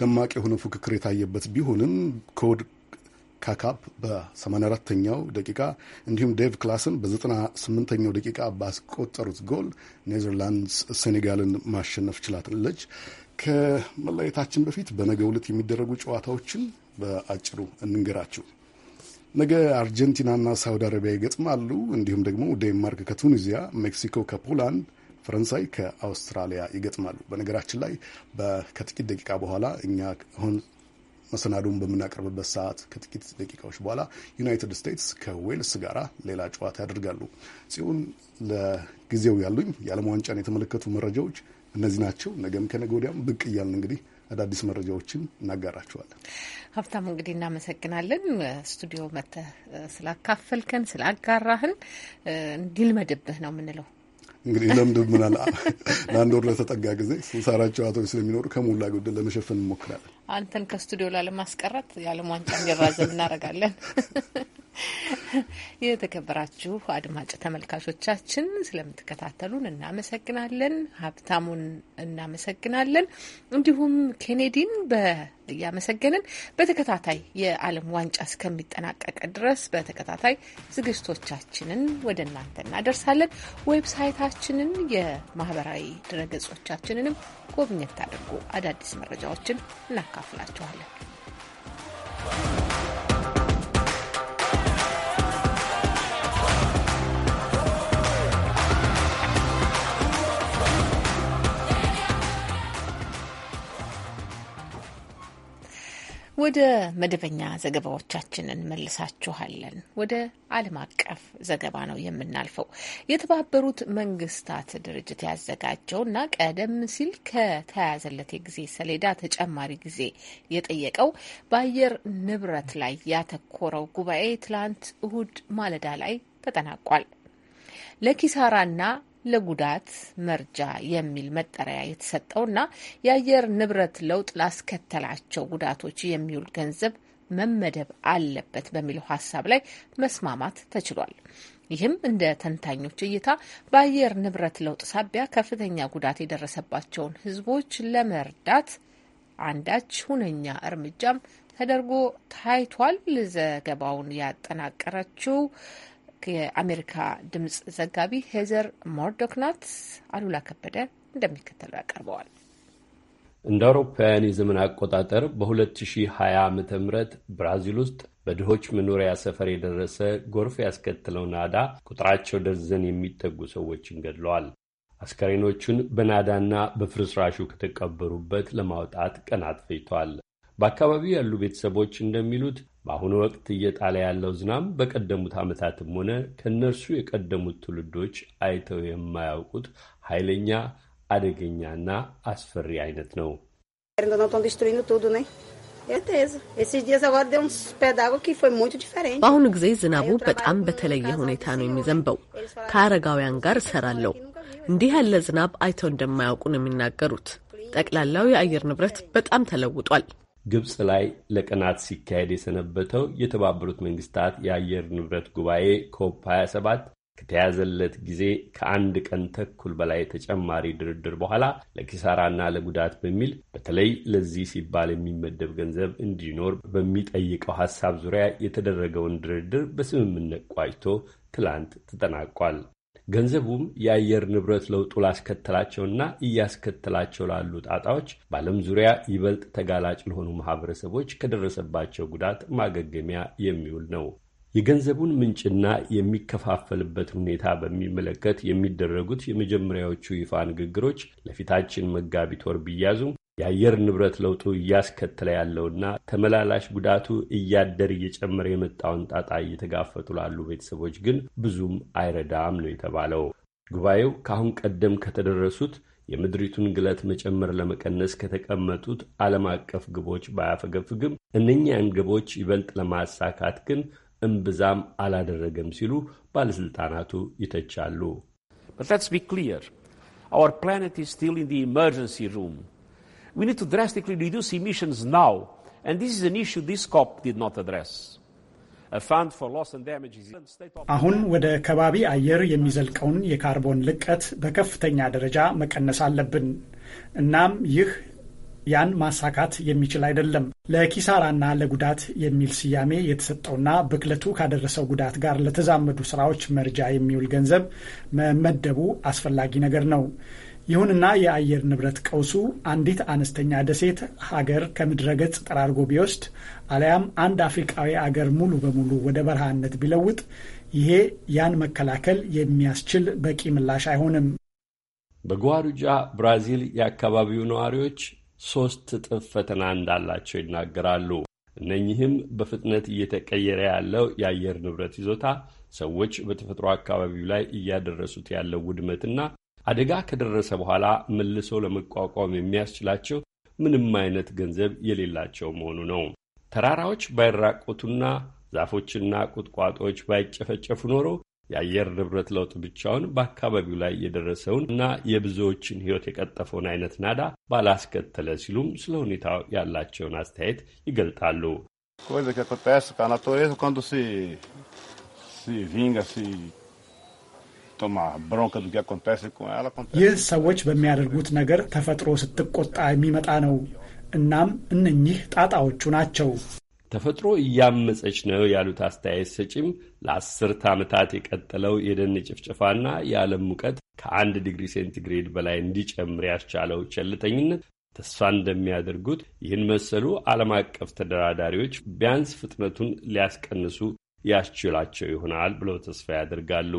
ደማቅ የሆነ ፉክክር የታየበት ቢሆንም ኮድ ካካፕ በ 84 ኛው ደቂቃ እንዲሁም ዴቭ ክላስን በ98ኛው ደቂቃ ባስቆጠሩት ጎል ኔዘርላንድስ ሴኔጋልን ማሸነፍ ችላለች። ከመለየታችን በፊት በነገ ዕለት የሚደረጉ ጨዋታዎችን በአጭሩ እንንገራችሁ። ነገ አርጀንቲናና ሳውዲ አረቢያ ይገጥማሉ። እንዲሁም ደግሞ ዴንማርክ ከቱኒዚያ፣ ሜክሲኮ ከፖላንድ ፈረንሳይ ከአውስትራሊያ ይገጥማሉ። በነገራችን ላይ ከጥቂት ደቂቃ በኋላ እኛ አሁን መሰናዶን በምናቀርብበት ሰዓት ከጥቂት ደቂቃዎች በኋላ ዩናይትድ ስቴትስ ከዌልስ ጋር ሌላ ጨዋታ ያደርጋሉ። ሲሆን ለጊዜው ያሉኝ የዓለም ዋንጫን የተመለከቱ መረጃዎች እነዚህ ናቸው። ነገም ከነገ ወዲያም ብቅ እያልን እንግዲህ አዳዲስ መረጃዎችን እናጋራችኋለን። ሀብታም እንግዲህ እናመሰግናለን። ስቱዲዮ መጥተህ ስላካፈልከን ስላጋራህን እንዲልመድብህ ነው የምንለው። እንግዲህ ለምድ ምናል ለአንድ ወር ለተጠጋ ጊዜ ስንሰራቸው አቶች ስለሚኖሩ ከሞላ ጎደል ለመሸፈን እንሞክራለን። አንተን ከስቱዲዮ ላለማስቀረት የዓለም ዋንጫ እንዲራዘም እናደርጋለን። የተከበራችሁ አድማጭ ተመልካቾቻችን ስለምትከታተሉን እናመሰግናለን። ሀብታሙን እናመሰግናለን። እንዲሁም ኬኔዲን እያመሰገንን በተከታታይ የዓለም ዋንጫ እስከሚጠናቀቅ ድረስ በተከታታይ ዝግጅቶቻችንን ወደ እናንተ እናደርሳለን። ዌብሳይታችንን፣ የማህበራዊ ድረገጾቻችንንም ጎብኘት አድርጉ። አዳዲስ መረጃዎችን እናካል እናካፍላችኋለን። ወደ መደበኛ ዘገባዎቻችን እንመልሳችኋለን። ወደ ዓለም አቀፍ ዘገባ ነው የምናልፈው። የተባበሩት መንግስታት ድርጅት ያዘጋጀው እና ቀደም ሲል ከተያያዘለት የጊዜ ሰሌዳ ተጨማሪ ጊዜ የጠየቀው በአየር ንብረት ላይ ያተኮረው ጉባኤ ትላንት እሁድ ማለዳ ላይ ተጠናቋል። ለኪሳራና ለጉዳት መርጃ የሚል መጠሪያ የተሰጠውና የአየር ንብረት ለውጥ ላስከተላቸው ጉዳቶች የሚውል ገንዘብ መመደብ አለበት በሚለው ሀሳብ ላይ መስማማት ተችሏል። ይህም እንደ ተንታኞች እይታ በአየር ንብረት ለውጥ ሳቢያ ከፍተኛ ጉዳት የደረሰባቸውን ሕዝቦች ለመርዳት አንዳች ሁነኛ እርምጃም ተደርጎ ታይቷል። ዘገባውን ያጠናቀረችው የአሜሪካ ድምጽ ዘጋቢ ሄዘር ሞርዶክ ናት። አሉላ ከበደ እንደሚከተለው ያቀርበዋል። እንደ አውሮፓውያን የዘመን አቆጣጠር በ2020 ዓ ም ብራዚል ውስጥ በድሆች መኖሪያ ሰፈር የደረሰ ጎርፍ ያስከትለው ናዳ ቁጥራቸው ደርዘን የሚጠጉ ሰዎችን ገድለዋል። አስከሬኖቹን በናዳና በፍርስራሹ ከተቀበሩበት ለማውጣት ቀናት ፈጅቷል። በአካባቢው ያሉ ቤተሰቦች እንደሚሉት በአሁኑ ወቅት እየጣለ ያለው ዝናብ በቀደሙት ዓመታትም ሆነ ከእነርሱ የቀደሙት ትውልዶች አይተው የማያውቁት ኃይለኛ፣ አደገኛና አስፈሪ አይነት ነው። በአሁኑ ጊዜ ዝናቡ በጣም በተለየ ሁኔታ ነው የሚዘንበው። ከአረጋውያን ጋር እሰራለሁ። እንዲህ ያለ ዝናብ አይተው እንደማያውቁ ነው የሚናገሩት። ጠቅላላው የአየር ንብረት በጣም ተለውጧል። ግብፅ ላይ ለቀናት ሲካሄድ የሰነበተው የተባበሩት መንግስታት የአየር ንብረት ጉባኤ ኮፕ 27 ከተያዘለት ጊዜ ከአንድ ቀን ተኩል በላይ ተጨማሪ ድርድር በኋላ ለኪሳራና ለጉዳት በሚል በተለይ ለዚህ ሲባል የሚመደብ ገንዘብ እንዲኖር በሚጠይቀው ሀሳብ ዙሪያ የተደረገውን ድርድር በስምምነት ቋጭቶ ትላንት ተጠናቋል። ገንዘቡም የአየር ንብረት ለውጡ ላስከተላቸውና እያስከተላቸው ላሉ ጣጣዎች በዓለም ዙሪያ ይበልጥ ተጋላጭ ለሆኑ ማህበረሰቦች ከደረሰባቸው ጉዳት ማገገሚያ የሚውል ነው። የገንዘቡን ምንጭና የሚከፋፈልበት ሁኔታ በሚመለከት የሚደረጉት የመጀመሪያዎቹ ይፋ ንግግሮች ለፊታችን መጋቢት ወር ቢያዙም የአየር ንብረት ለውጡ እያስከተለ ያለውና ተመላላሽ ጉዳቱ እያደር እየጨመረ የመጣውን ጣጣ እየተጋፈጡ ላሉ ቤተሰቦች ግን ብዙም አይረዳም ነው የተባለው። ጉባኤው ከአሁን ቀደም ከተደረሱት የምድሪቱን ግለት መጨመር ለመቀነስ ከተቀመጡት ዓለም አቀፍ ግቦች ባያፈገፍግም እነኛን ግቦች ይበልጥ ለማሳካት ግን እምብዛም አላደረገም ሲሉ ባለሥልጣናቱ ይተቻሉ። But let's be clear. Our planet is still in the emergency room. We need to drastically reduce emissions now. And this is an issue this COP did not address. አሁን ወደ ከባቢ አየር የሚዘልቀውን የካርቦን ልቀት በከፍተኛ ደረጃ መቀነስ አለብን። እናም ይህ ያን ማሳካት የሚችል አይደለም። ለኪሳራና ለጉዳት የሚል ስያሜ የተሰጠውና ብክለቱ ካደረሰው ጉዳት ጋር ለተዛመዱ ስራዎች መርጃ የሚውል ገንዘብ መመደቡ አስፈላጊ ነገር ነው። ይሁንና የአየር ንብረት ቀውሱ አንዲት አነስተኛ ደሴት ሀገር ከምድረ ገጽ ጠራርጎ ቢወስድ አሊያም አንድ አፍሪቃዊ አገር ሙሉ በሙሉ ወደ በረሃነት ቢለውጥ ይሄ ያን መከላከል የሚያስችል በቂ ምላሽ አይሆንም። በጓሩጃ ብራዚል የአካባቢው ነዋሪዎች ሶስት እጥፍ ፈተና እንዳላቸው ይናገራሉ። እነኚህም በፍጥነት እየተቀየረ ያለው የአየር ንብረት ይዞታ፣ ሰዎች በተፈጥሮ አካባቢው ላይ እያደረሱት ያለው ውድመትና አደጋ ከደረሰ በኋላ መልሶ ለመቋቋም የሚያስችላቸው ምንም አይነት ገንዘብ የሌላቸው መሆኑ ነው። ተራራዎች ባይራቆቱና ዛፎችና ቁጥቋጦዎች ባይጨፈጨፉ ኖሮ የአየር ንብረት ለውጥ ብቻውን በአካባቢው ላይ የደረሰውን እና የብዙዎችን ሕይወት የቀጠፈውን አይነት ናዳ ባላስከተለ ሲሉም ስለ ሁኔታው ያላቸውን አስተያየት ይገልጣሉ። coisa ከቆጣያስ ካናቶ cara, a natureza ሲ ይህ ሰዎች በሚያደርጉት ነገር ተፈጥሮ ስትቆጣ የሚመጣ ነው። እናም እነኚህ ጣጣዎቹ ናቸው። ተፈጥሮ እያመፀች ነው ያሉት አስተያየት ሰጪም ለአስርት ዓመታት የቀጠለው የደን ጭፍጭፋና የዓለም ሙቀት ከአንድ ዲግሪ ሴንቲግሬድ በላይ እንዲጨምር ያስቻለው ቸልተኝነት ተስፋ እንደሚያደርጉት ይህን መሰሉ ዓለም አቀፍ ተደራዳሪዎች ቢያንስ ፍጥነቱን ሊያስቀንሱ ያስችላቸው ይሆናል ብለው ተስፋ ያደርጋሉ።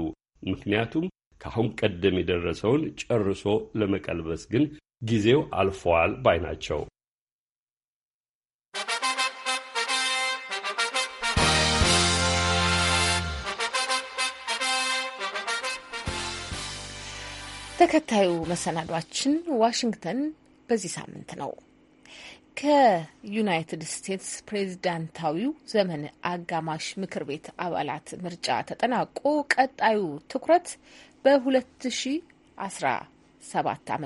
ምክንያቱም ከአሁን ቀደም የደረሰውን ጨርሶ ለመቀልበስ ግን ጊዜው አልፈዋል ባይ ናቸው። ተከታዩ መሰናዷችን ዋሽንግተን በዚህ ሳምንት ነው። ከዩናይትድ ስቴትስ ፕሬዚዳንታዊው ዘመን አጋማሽ ምክር ቤት አባላት ምርጫ ተጠናቆ ቀጣዩ ትኩረት በ2017 ዓ ም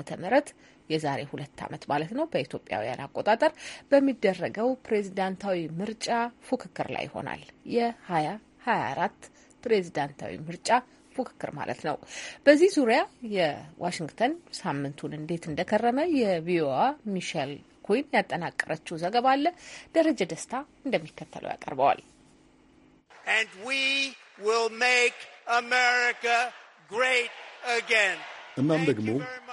የዛሬ ሁለት ዓመት ማለት ነው በኢትዮጵያውያን አቆጣጠር በሚደረገው ፕሬዚዳንታዊ ምርጫ ፉክክር ላይ ይሆናል። የ2024 ፕሬዚዳንታዊ ምርጫ ፉክክር ማለት ነው። በዚህ ዙሪያ የዋሽንግተን ሳምንቱን እንዴት እንደከረመ የቪኦኤ ሚሸል ኮይን ያጠናቀረችው ዘገባ አለ። ደረጀ ደስታ እንደሚከተለው ያቀርበዋል። እናም ደግሞ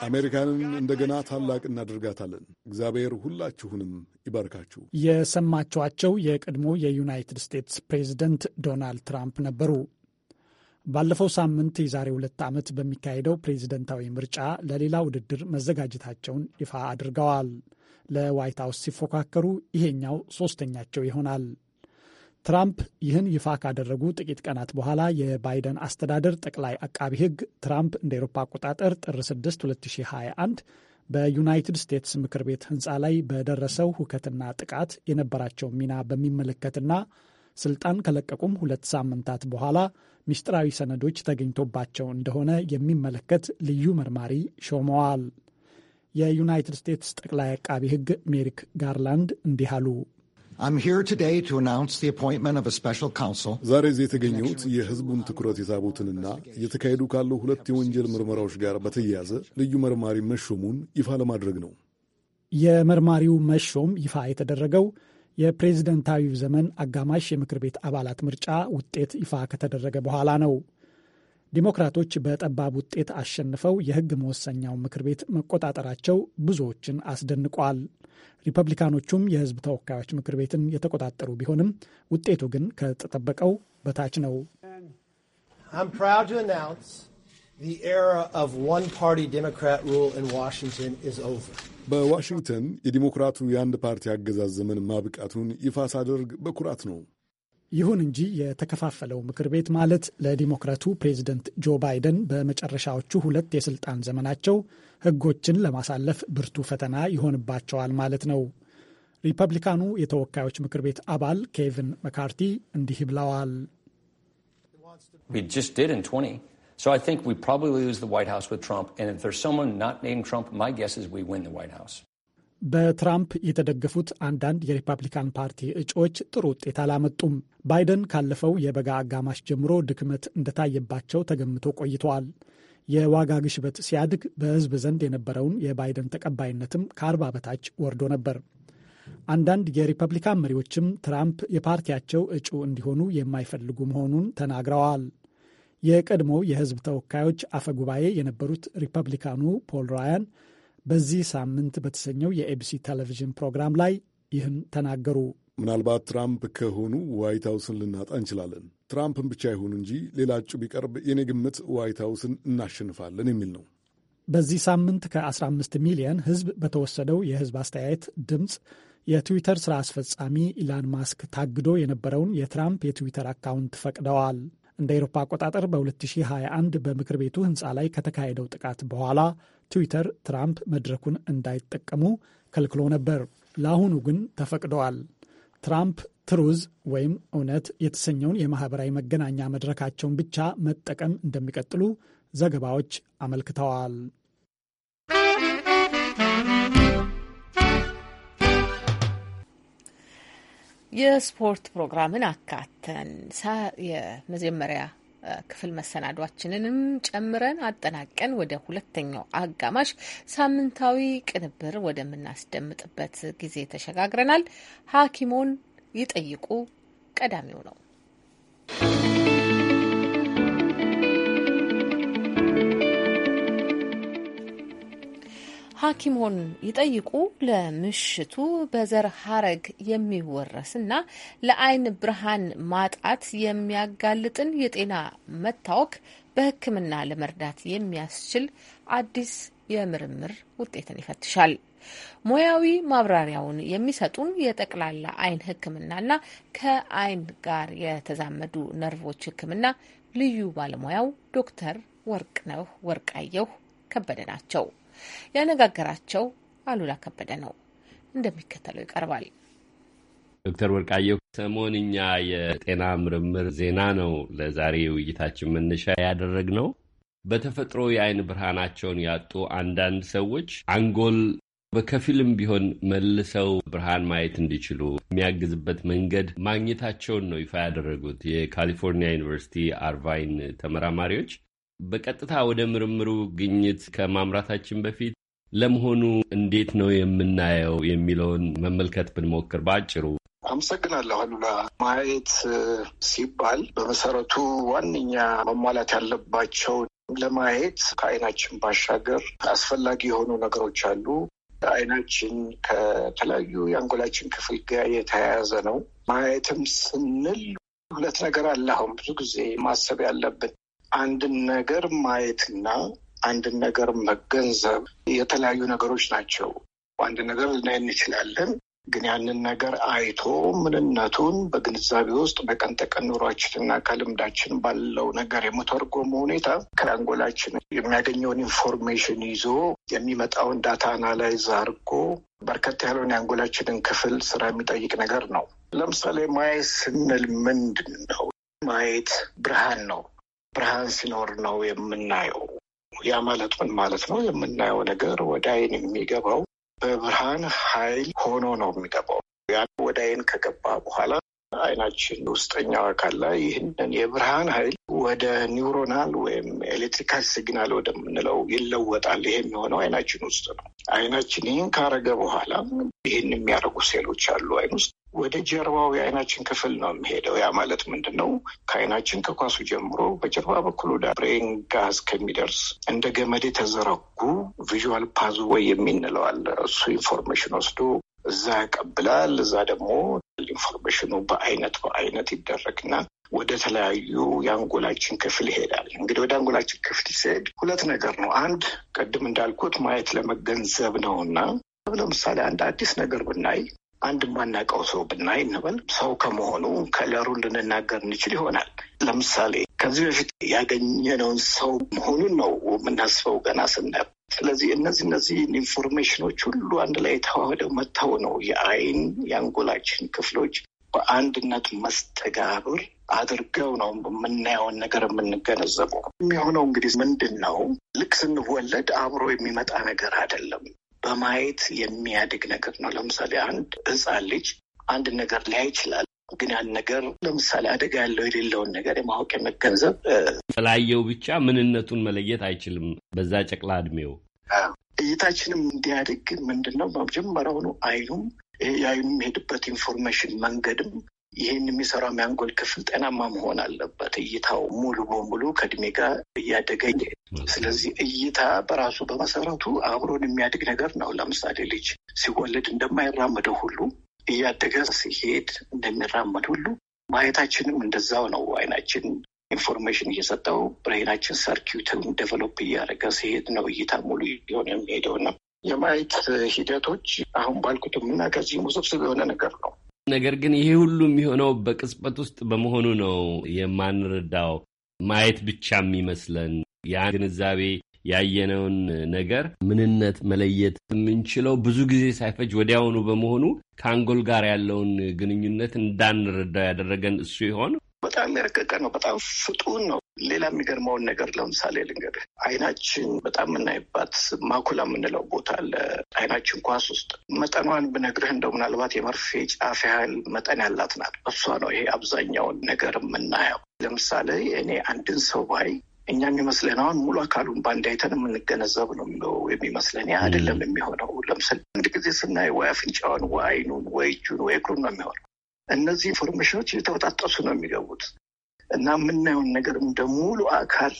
አሜሪካንን እንደገና ታላቅ እናደርጋታለን። እግዚአብሔር ሁላችሁንም ይባርካችሁ። የሰማችኋቸው የቀድሞ የዩናይትድ ስቴትስ ፕሬዚደንት ዶናልድ ትራምፕ ነበሩ። ባለፈው ሳምንት የዛሬ ሁለት ዓመት በሚካሄደው ፕሬዚደንታዊ ምርጫ ለሌላ ውድድር መዘጋጀታቸውን ይፋ አድርገዋል። ለዋይት ሀውስ ሲፎካከሩ ይሄኛው ሶስተኛቸው ይሆናል። ትራምፕ ይህን ይፋ ካደረጉ ጥቂት ቀናት በኋላ የባይደን አስተዳደር ጠቅላይ አቃቢ ሕግ ትራምፕ እንደ ኤሮፓ አቆጣጠር ጥር 6 2021 በዩናይትድ ስቴትስ ምክር ቤት ህንፃ ላይ በደረሰው ሁከትና ጥቃት የነበራቸው ሚና በሚመለከትና ስልጣን ከለቀቁም ሁለት ሳምንታት በኋላ ምስጢራዊ ሰነዶች ተገኝቶባቸው እንደሆነ የሚመለከት ልዩ መርማሪ ሾመዋል። የዩናይትድ ስቴትስ ጠቅላይ አቃቢ ሕግ ሜሪክ ጋርላንድ እንዲህ አሉ። ዛሬ እዚህ የተገኘሁት የሕዝቡን ትኩረት የሳቡትንና እየተካሄዱ ካሉ ሁለት የወንጀል ምርመራዎች ጋር በተያያዘ ልዩ መርማሪ መሾሙን ይፋ ለማድረግ ነው። የመርማሪው መሾም ይፋ የተደረገው የፕሬዝደንታዊው ዘመን አጋማሽ የምክር ቤት አባላት ምርጫ ውጤት ይፋ ከተደረገ በኋላ ነው። ዲሞክራቶች በጠባብ ውጤት አሸንፈው የህግ መወሰኛው ምክር ቤት መቆጣጠራቸው ብዙዎችን አስደንቋል። ሪፐብሊካኖቹም የህዝብ ተወካዮች ምክር ቤትን የተቆጣጠሩ ቢሆንም ውጤቱ ግን ከተጠበቀው በታች ነው። በዋሽንግተን የዲሞክራቱ የአንድ ፓርቲ አገዛዝ ዘመን ማብቃቱን ይፋ ሳደርግ በኩራት ነው። ይሁን እንጂ የተከፋፈለው ምክር ቤት ማለት ለዲሞክራቱ ፕሬዚደንት ጆ ባይደን በመጨረሻዎቹ ሁለት የስልጣን ዘመናቸው ህጎችን ለማሳለፍ ብርቱ ፈተና ይሆንባቸዋል ማለት ነው። ሪፐብሊካኑ የተወካዮች ምክር ቤት አባል ኬቪን መካርቲ እንዲህ ብለዋል። በትራምፕ የተደገፉት አንዳንድ የሪፐብሊካን ፓርቲ እጩዎች ጥሩ ውጤት አላመጡም። ባይደን ካለፈው የበጋ አጋማሽ ጀምሮ ድክመት እንደታየባቸው ተገምቶ ቆይተዋል። የዋጋ ግሽበት ሲያድግ በሕዝብ ዘንድ የነበረውን የባይደን ተቀባይነትም ከአርባ በታች ወርዶ ነበር። አንዳንድ የሪፐብሊካን መሪዎችም ትራምፕ የፓርቲያቸው እጩ እንዲሆኑ የማይፈልጉ መሆኑን ተናግረዋል። የቀድሞው የሕዝብ ተወካዮች አፈ ጉባኤ የነበሩት ሪፐብሊካኑ ፖል ራያን በዚህ ሳምንት በተሰኘው የኤቢሲ ቴሌቪዥን ፕሮግራም ላይ ይህን ተናገሩ። ምናልባት ትራምፕ ከሆኑ ዋይት ሀውስን ልናጣ እንችላለን። ትራምፕን ብቻ ይሁን እንጂ ሌላ እጩ ቢቀርብ የኔ ግምት ዋይት ሀውስን እናሸንፋለን የሚል ነው። በዚህ ሳምንት ከ15 ሚሊየን ህዝብ በተወሰደው የህዝብ አስተያየት ድምፅ የትዊተር ሥራ አስፈጻሚ ኢላን ማስክ ታግዶ የነበረውን የትራምፕ የትዊተር አካውንት ፈቅደዋል። እንደ አውሮፓ አቆጣጠር በ2021 በምክር ቤቱ ህንፃ ላይ ከተካሄደው ጥቃት በኋላ ትዊተር ትራምፕ መድረኩን እንዳይጠቀሙ ከልክሎ ነበር። ለአሁኑ ግን ተፈቅደዋል። ትራምፕ ትሩዝ ወይም እውነት የተሰኘውን የማህበራዊ መገናኛ መድረካቸውን ብቻ መጠቀም እንደሚቀጥሉ ዘገባዎች አመልክተዋል። የስፖርት ፕሮግራምን አካተን የመጀመሪያ ክፍል መሰናዷችንንም ጨምረን አጠናቀን ወደ ሁለተኛው አጋማሽ ሳምንታዊ ቅንብር ወደምናስደምጥበት ጊዜ ተሸጋግረናል። ሐኪሞን ይጠይቁ ቀዳሚው ነው። ሐኪሞን ይጠይቁ ለምሽቱ በዘር ሀረግ የሚወረስና ለአይን ብርሃን ማጣት የሚያጋልጥን የጤና መታወክ በሕክምና ለመርዳት የሚያስችል አዲስ የምርምር ውጤትን ይፈትሻል። ሙያዊ ማብራሪያውን የሚሰጡን የጠቅላላ ህክምና ሕክምናና ከአይን ጋር የተዛመዱ ነርቮች ሕክምና ልዩ ባለሙያው ዶክተር ወርቅነህ ወርቃየሁ ከበደ ናቸው። ያነጋገራቸው አሉላ ከበደ ነው፣ እንደሚከተለው ይቀርባል። ዶክተር ወርቃየሁ ሰሞንኛ የጤና ምርምር ዜና ነው ለዛሬ ውይይታችን መነሻ ያደረግ ነው። በተፈጥሮ የአይን ብርሃናቸውን ያጡ አንዳንድ ሰዎች አንጎል በከፊልም ቢሆን መልሰው ብርሃን ማየት እንዲችሉ የሚያግዝበት መንገድ ማግኘታቸውን ነው ይፋ ያደረጉት የካሊፎርኒያ ዩኒቨርሲቲ አርቫይን ተመራማሪዎች። በቀጥታ ወደ ምርምሩ ግኝት ከማምራታችን በፊት ለመሆኑ እንዴት ነው የምናየው የሚለውን መመልከት ብንሞክር በአጭሩ። አመሰግናለሁ አሉላ። ማየት ሲባል በመሰረቱ ዋነኛ መሟላት ያለባቸው ለማየት ከአይናችን ባሻገር አስፈላጊ የሆኑ ነገሮች አሉ። አይናችን ከተለያዩ የአንጎላችን ክፍል ጋር የተያያዘ ነው። ማየትም ስንል ሁለት ነገር አለ። አሁን ብዙ ጊዜ ማሰብ ያለብን አንድን ነገር ማየትና አንድን ነገር መገንዘብ የተለያዩ ነገሮች ናቸው። አንድ ነገር ልናይ እንችላለን፣ ግን ያንን ነገር አይቶ ምንነቱን በግንዛቤ ውስጥ በቀን ተቀን ኑሯችንና ከልምዳችን ባለው ነገር የመተርጎሙ ሁኔታ ከአንጎላችን የሚያገኘውን ኢንፎርሜሽን ይዞ የሚመጣውን ዳታ አናላይዝ አድርጎ በርከት ያለውን የአንጎላችንን ክፍል ስራ የሚጠይቅ ነገር ነው። ለምሳሌ ማየት ስንል ምንድን ነው? ማየት ብርሃን ነው። ብርሃን ሲኖር ነው የምናየው። ያ ማለት ምን ማለት ነው? የምናየው ነገር ወደ አይን የሚገባው በብርሃን ኃይል ሆኖ ነው የሚገባው። ያ ወደ አይን ከገባ በኋላ አይናችን ውስጠኛው አካል ላይ ይህንን የብርሃን ኃይል ወደ ኒውሮናል ወይም ኤሌክትሪካል ሲግናል ወደምንለው ይለወጣል። ይሄ የሚሆነው አይናችን ውስጥ ነው። አይናችን ይህን ካረገ በኋላ ይህን የሚያደርጉ ሴሎች አሉ አይን ውስጥ ወደ ጀርባው የአይናችን ክፍል ነው የሚሄደው። ያ ማለት ምንድን ነው? ከአይናችን ከኳሱ ጀምሮ በጀርባ በኩል ወደ ብሬን ጋዝ ከሚደርስ እንደ ገመድ የተዘረጉ ቪዥዋል ፓዝ ወይ የሚንለዋል እሱ ኢንፎርሜሽን ወስዶ እዛ ያቀብላል። እዛ ደግሞ ኢንፎርሜሽኑ በአይነት በአይነት ይደረግና ወደ ተለያዩ የአንጎላችን ክፍል ይሄዳል። እንግዲህ ወደ አንጎላችን ክፍል ሲሄድ ሁለት ነገር ነው። አንድ ቅድም እንዳልኩት ማየት ለመገንዘብ ነው እና ለምሳሌ አንድ አዲስ ነገር ብናይ አንድ የማናውቀው ሰው ብናይ እንበል ሰው ከመሆኑ ከለሩ ልንናገር እንችል ይሆናል። ለምሳሌ ከዚህ በፊት ያገኘነውን ሰው መሆኑን ነው የምናስበው ገና ስናየው። ስለዚህ እነዚህ እነዚህ ኢንፎርሜሽኖች ሁሉ አንድ ላይ የተዋህደው መጥተው ነው የአይን የአንጎላችን ክፍሎች በአንድነት መስተጋብር አድርገው ነው የምናየውን ነገር የምንገነዘበው። የሚሆነው እንግዲህ ምንድን ነው? ልክ ስንወለድ አብሮ የሚመጣ ነገር አይደለም። በማየት የሚያድግ ነገር ነው። ለምሳሌ አንድ ህፃን ልጅ አንድ ነገር ሊያይ ይችላል። ግን ያን ነገር ለምሳሌ አደጋ ያለው የሌለውን ነገር የማወቅ የመገንዘብ ስላየው ብቻ ምንነቱን መለየት አይችልም። በዛ ጨቅላ እድሜው እይታችንም እንዲያድግ ምንድን ነው መጀመሪያ አይኑም የአይኑ የሚሄድበት ኢንፎርሜሽን መንገድም ይህን የሚሰራው የሚያንጎል ክፍል ጤናማ መሆን አለበት። እይታው ሙሉ በሙሉ ከእድሜ ጋር እያደገ ስለዚህ እይታ በራሱ በመሰረቱ አብሮን የሚያድግ ነገር ነው። ለምሳሌ ልጅ ሲወለድ እንደማይራመደው ሁሉ እያደገ ሲሄድ እንደሚራመድ ሁሉ ማየታችንም እንደዛው ነው። አይናችን ኢንፎርሜሽን እየሰጠው ብሬናችን ሰርኪዩትን ዴቨሎፕ እያደረገ ሲሄድ ነው እይታ ሙሉ የሆነ የሚሄደው ነው። የማየት ሂደቶች አሁን ባልኩትም እና ከዚህም ውስብስብ የሆነ ነገር ነው። ነገር ግን ይሄ ሁሉ የሚሆነው በቅጽበት ውስጥ በመሆኑ ነው የማንረዳው ማየት ብቻ የሚመስለን ያ ግንዛቤ ያየነውን ነገር ምንነት መለየት የምንችለው ብዙ ጊዜ ሳይፈጅ ወዲያውኑ በመሆኑ ከአንጎል ጋር ያለውን ግንኙነት እንዳንረዳው ያደረገን እሱ ይሆን? በጣም የረቀቀ ነው። በጣም ፍጡን ነው። ሌላ የሚገርመውን ነገር ለምሳሌ ልንገርህ፣ አይናችን በጣም የምናይባት ማኩላ የምንለው ቦታ አለ አይናችን ኳስ ውስጥ። መጠኗን ብነግርህ እንደው ምናልባት የመርፌ ጫፍ ያህል መጠን ያላት ናት። እሷ ነው ይሄ አብዛኛውን ነገር የምናየው። ለምሳሌ እኔ አንድን ሰው ባይ እኛም የሚመስለን አሁን ሙሉ አካሉን በአንድ አይተን የምንገነዘብ ነው የሚመስለን። ያ አይደለም የሚሆነው። ለምሳሌ አንድ ጊዜ ስናይ ወይ አፍንጫውን፣ ወይ አይኑን፣ ወይ እጁን፣ ወይ እግሩን ነው የሚሆነው። እነዚህ ኢንፎርሜሽኖች እየተበጣጠሱ ነው የሚገቡት እና የምናየውን ነገር እንደ ሙሉ አካል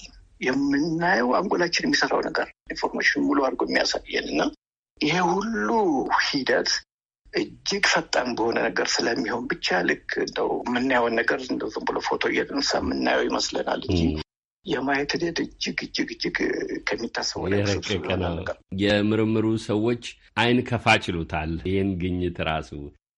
የምናየው አንጎላችን የሚሰራው ነገር ኢንፎርሜሽን ሙሉ አድርጎ የሚያሳየን እና ይሄ ሁሉ ሂደት እጅግ ፈጣን በሆነ ነገር ስለሚሆን ብቻ ልክ እንደው የምናየውን ነገር ዝም ብሎ ፎቶ እየተነሳ የምናየው ይመስለናል እንጂ የማየት ሂደት እጅግ እጅግ እጅግ ከሚታሰቡ የምርምሩ ሰዎች አይን ከፋች ይሉታል። ይህን ግኝት ራሱ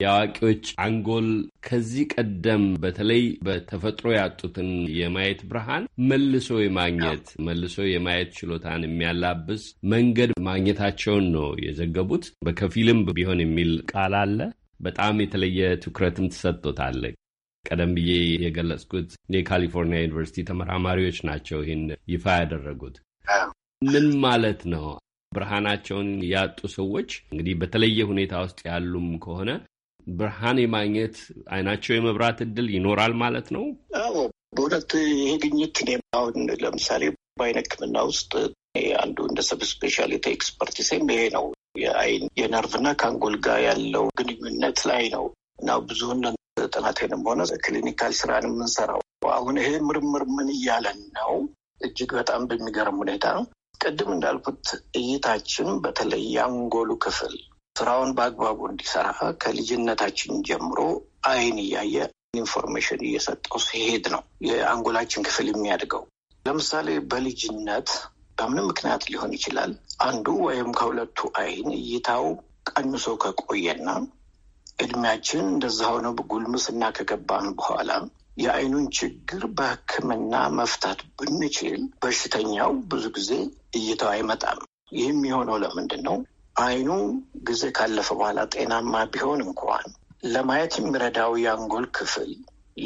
የአዋቂዎች አንጎል ከዚህ ቀደም በተለይ በተፈጥሮ ያጡትን የማየት ብርሃን መልሶ የማግኘት መልሶ የማየት ችሎታን የሚያላብስ መንገድ ማግኘታቸውን ነው የዘገቡት። በከፊልም ቢሆን የሚል ቃል አለ። በጣም የተለየ ትኩረትም ትሰጥቶታለች። ቀደም ብዬ የገለጽኩት የካሊፎርኒያ ዩኒቨርሲቲ ተመራማሪዎች ናቸው ይህን ይፋ ያደረጉት። ምን ማለት ነው? ብርሃናቸውን ያጡ ሰዎች እንግዲህ በተለየ ሁኔታ ውስጥ ያሉም ከሆነ ብርሃን የማግኘት አይናቸው የመብራት እድል ይኖራል ማለት ነው። አዎ፣ በእውነት ይሄ ግኝት እኔ አሁን ለምሳሌ በአይን ሕክምና ውስጥ አንዱ እንደ ሰብ ስፔሻሊቲ ኤክስፐርቲሴም ይሄ ነው የአይን የነርቭና ከአንጎል ጋር ያለው ግንኙነት ላይ ነው እና ብዙውን ጥናቴንም ሆነ ክሊኒካል ስራን የምንሰራው። አሁን ይሄ ምርምር ምን እያለን ነው? እጅግ በጣም በሚገርም ሁኔታ ቅድም እንዳልኩት እይታችን በተለይ የአንጎሉ ክፍል ስራውን በአግባቡ እንዲሰራ ከልጅነታችን ጀምሮ አይን እያየ ኢንፎርሜሽን እየሰጠው ሲሄድ ነው የአንጎላችን ክፍል የሚያድገው። ለምሳሌ በልጅነት በምንም ምክንያት ሊሆን ይችላል አንዱ ወይም ከሁለቱ አይን እይታው ቀንሶ ከቆየና እድሜያችን እንደዛ ሆነው ጉልምስና ከገባን በኋላ የአይኑን ችግር በሕክምና መፍታት ብንችል በሽተኛው ብዙ ጊዜ እይታው አይመጣም። ይህም የሆነው ለምንድን ነው? አይኑ ጊዜ ካለፈ በኋላ ጤናማ ቢሆን እንኳን ለማየት የሚረዳው የአንጎል ክፍል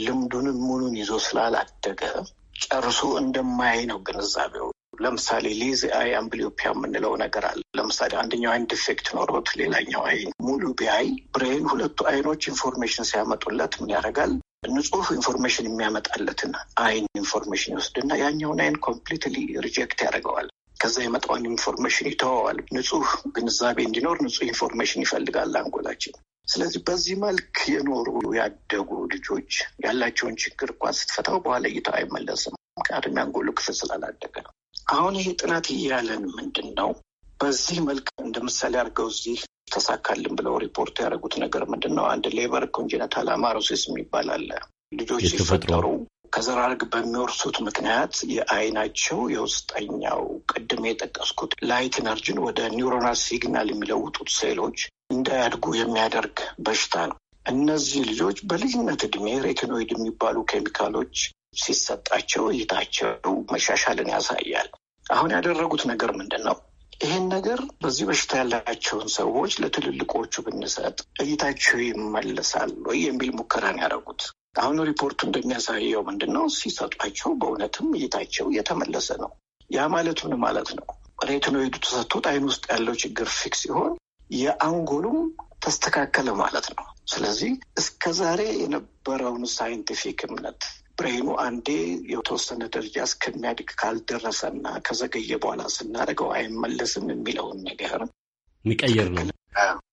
ልምዱንም ሙሉን ይዞ ስላላደገ ጨርሶ እንደማያይ ነው ግንዛቤው። ለምሳሌ ሌዚ አይ አምብሊዮፒያ የምንለው ነገር አለ። ለምሳሌ አንደኛው አይን ዲፌክት ኖሮት ሌላኛው አይን ሙሉ ቢያይ ብሬን ሁለቱ አይኖች ኢንፎርሜሽን ሲያመጡለት ምን ያደርጋል? ንጹህ ኢንፎርሜሽን የሚያመጣለትን አይን ኢንፎርሜሽን ይወስድና ያኛውን አይን ኮምፕሊትሊ ሪጀክት ያደርገዋል። ከዛ የመጣውን ኢንፎርሜሽን ይተወዋል። ንጹህ ግንዛቤ እንዲኖር ንጹህ ኢንፎርሜሽን ይፈልጋል አንጎላችን። ስለዚህ በዚህ መልክ የኖሩ ያደጉ ልጆች ያላቸውን ችግር እንኳን ስትፈታው በኋላ እይታ አይመለስም። ምክንያቱም ያንጎሉ ክፍል ስላላደገ ነው። አሁን ይህ ጥናት እያለን ምንድን ነው? በዚህ መልክ እንደ ምሳሌ አድርገው እዚህ ተሳካልን ብለው ሪፖርት ያደረጉት ነገር ምንድን ነው? አንድ ሌበር ኮንጀነታል አማሮሲስ የሚባል አለ። ልጆች ሲፈጠሩ ከዘራርግ በሚወርሱት ምክንያት የአይናቸው የውስጠኛው ቅድም የጠቀስኩት ላይት ኢነርጂን ወደ ኒውሮናል ሲግናል የሚለውጡት ሴሎች እንዳያድጉ የሚያደርግ በሽታ ነው። እነዚህ ልጆች በልጅነት እድሜ ሬቲኖይድ የሚባሉ ኬሚካሎች ሲሰጣቸው እይታቸው መሻሻልን ያሳያል። አሁን ያደረጉት ነገር ምንድን ነው? ይህን ነገር በዚህ በሽታ ያላቸውን ሰዎች ለትልልቆቹ ብንሰጥ እይታቸው ይመለሳል ወይ የሚል ሙከራን ያደረጉት። አሁን ሪፖርቱ እንደሚያሳየው ምንድን ነው? ሲሰጧቸው በእውነትም እይታቸው እየተመለሰ ነው። ያ ማለት ምን ማለት ነው? ሬቲኖይዱ ተሰጥቶት አይን ውስጥ ያለው ችግር ፊክስ ሲሆን የአንጎሉም ተስተካከለ ማለት ነው። ስለዚህ እስከ ዛሬ የነበረውን ሳይንቲፊክ እምነት ብሬኑ አንዴ የተወሰነ ደረጃ እስከሚያድግ ካልደረሰና ከዘገየ በኋላ ስናደርገው አይመለስም የሚለውን ነገር ሚቀየር ነው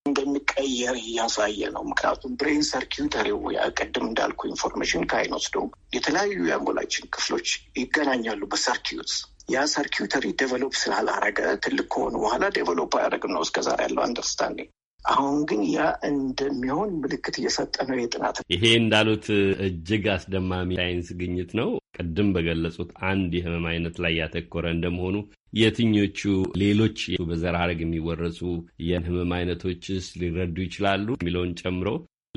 እንደሚቀየር እያሳየ ነው። ምክንያቱም ብሬን ሰርኪዩተሪው ቅድም እንዳልኩ ኢንፎርሜሽን ከአይን ወስዶ የተለያዩ የአንጎላችን ክፍሎች ይገናኛሉ በሰርኪዩት ያ ሰርኪዩተሪ ዴቨሎፕ ስላላረገ ትልቅ ከሆኑ በኋላ ዴቨሎፕ አያደርግም ነው እስከዛሬ ያለው አንደርስታንዲንግ። አሁን ግን ያ እንደሚሆን ምልክት እየሰጠ ነው የጥናት ይሄ እንዳሉት እጅግ አስደማሚ ሳይንስ ግኝት ነው። ቅድም በገለጹት አንድ የህመም አይነት ላይ ያተኮረ እንደመሆኑ የትኞቹ ሌሎች በዘር ሐረግ የሚወረሱ የህመም አይነቶችስ ሊረዱ ይችላሉ የሚለውን ጨምሮ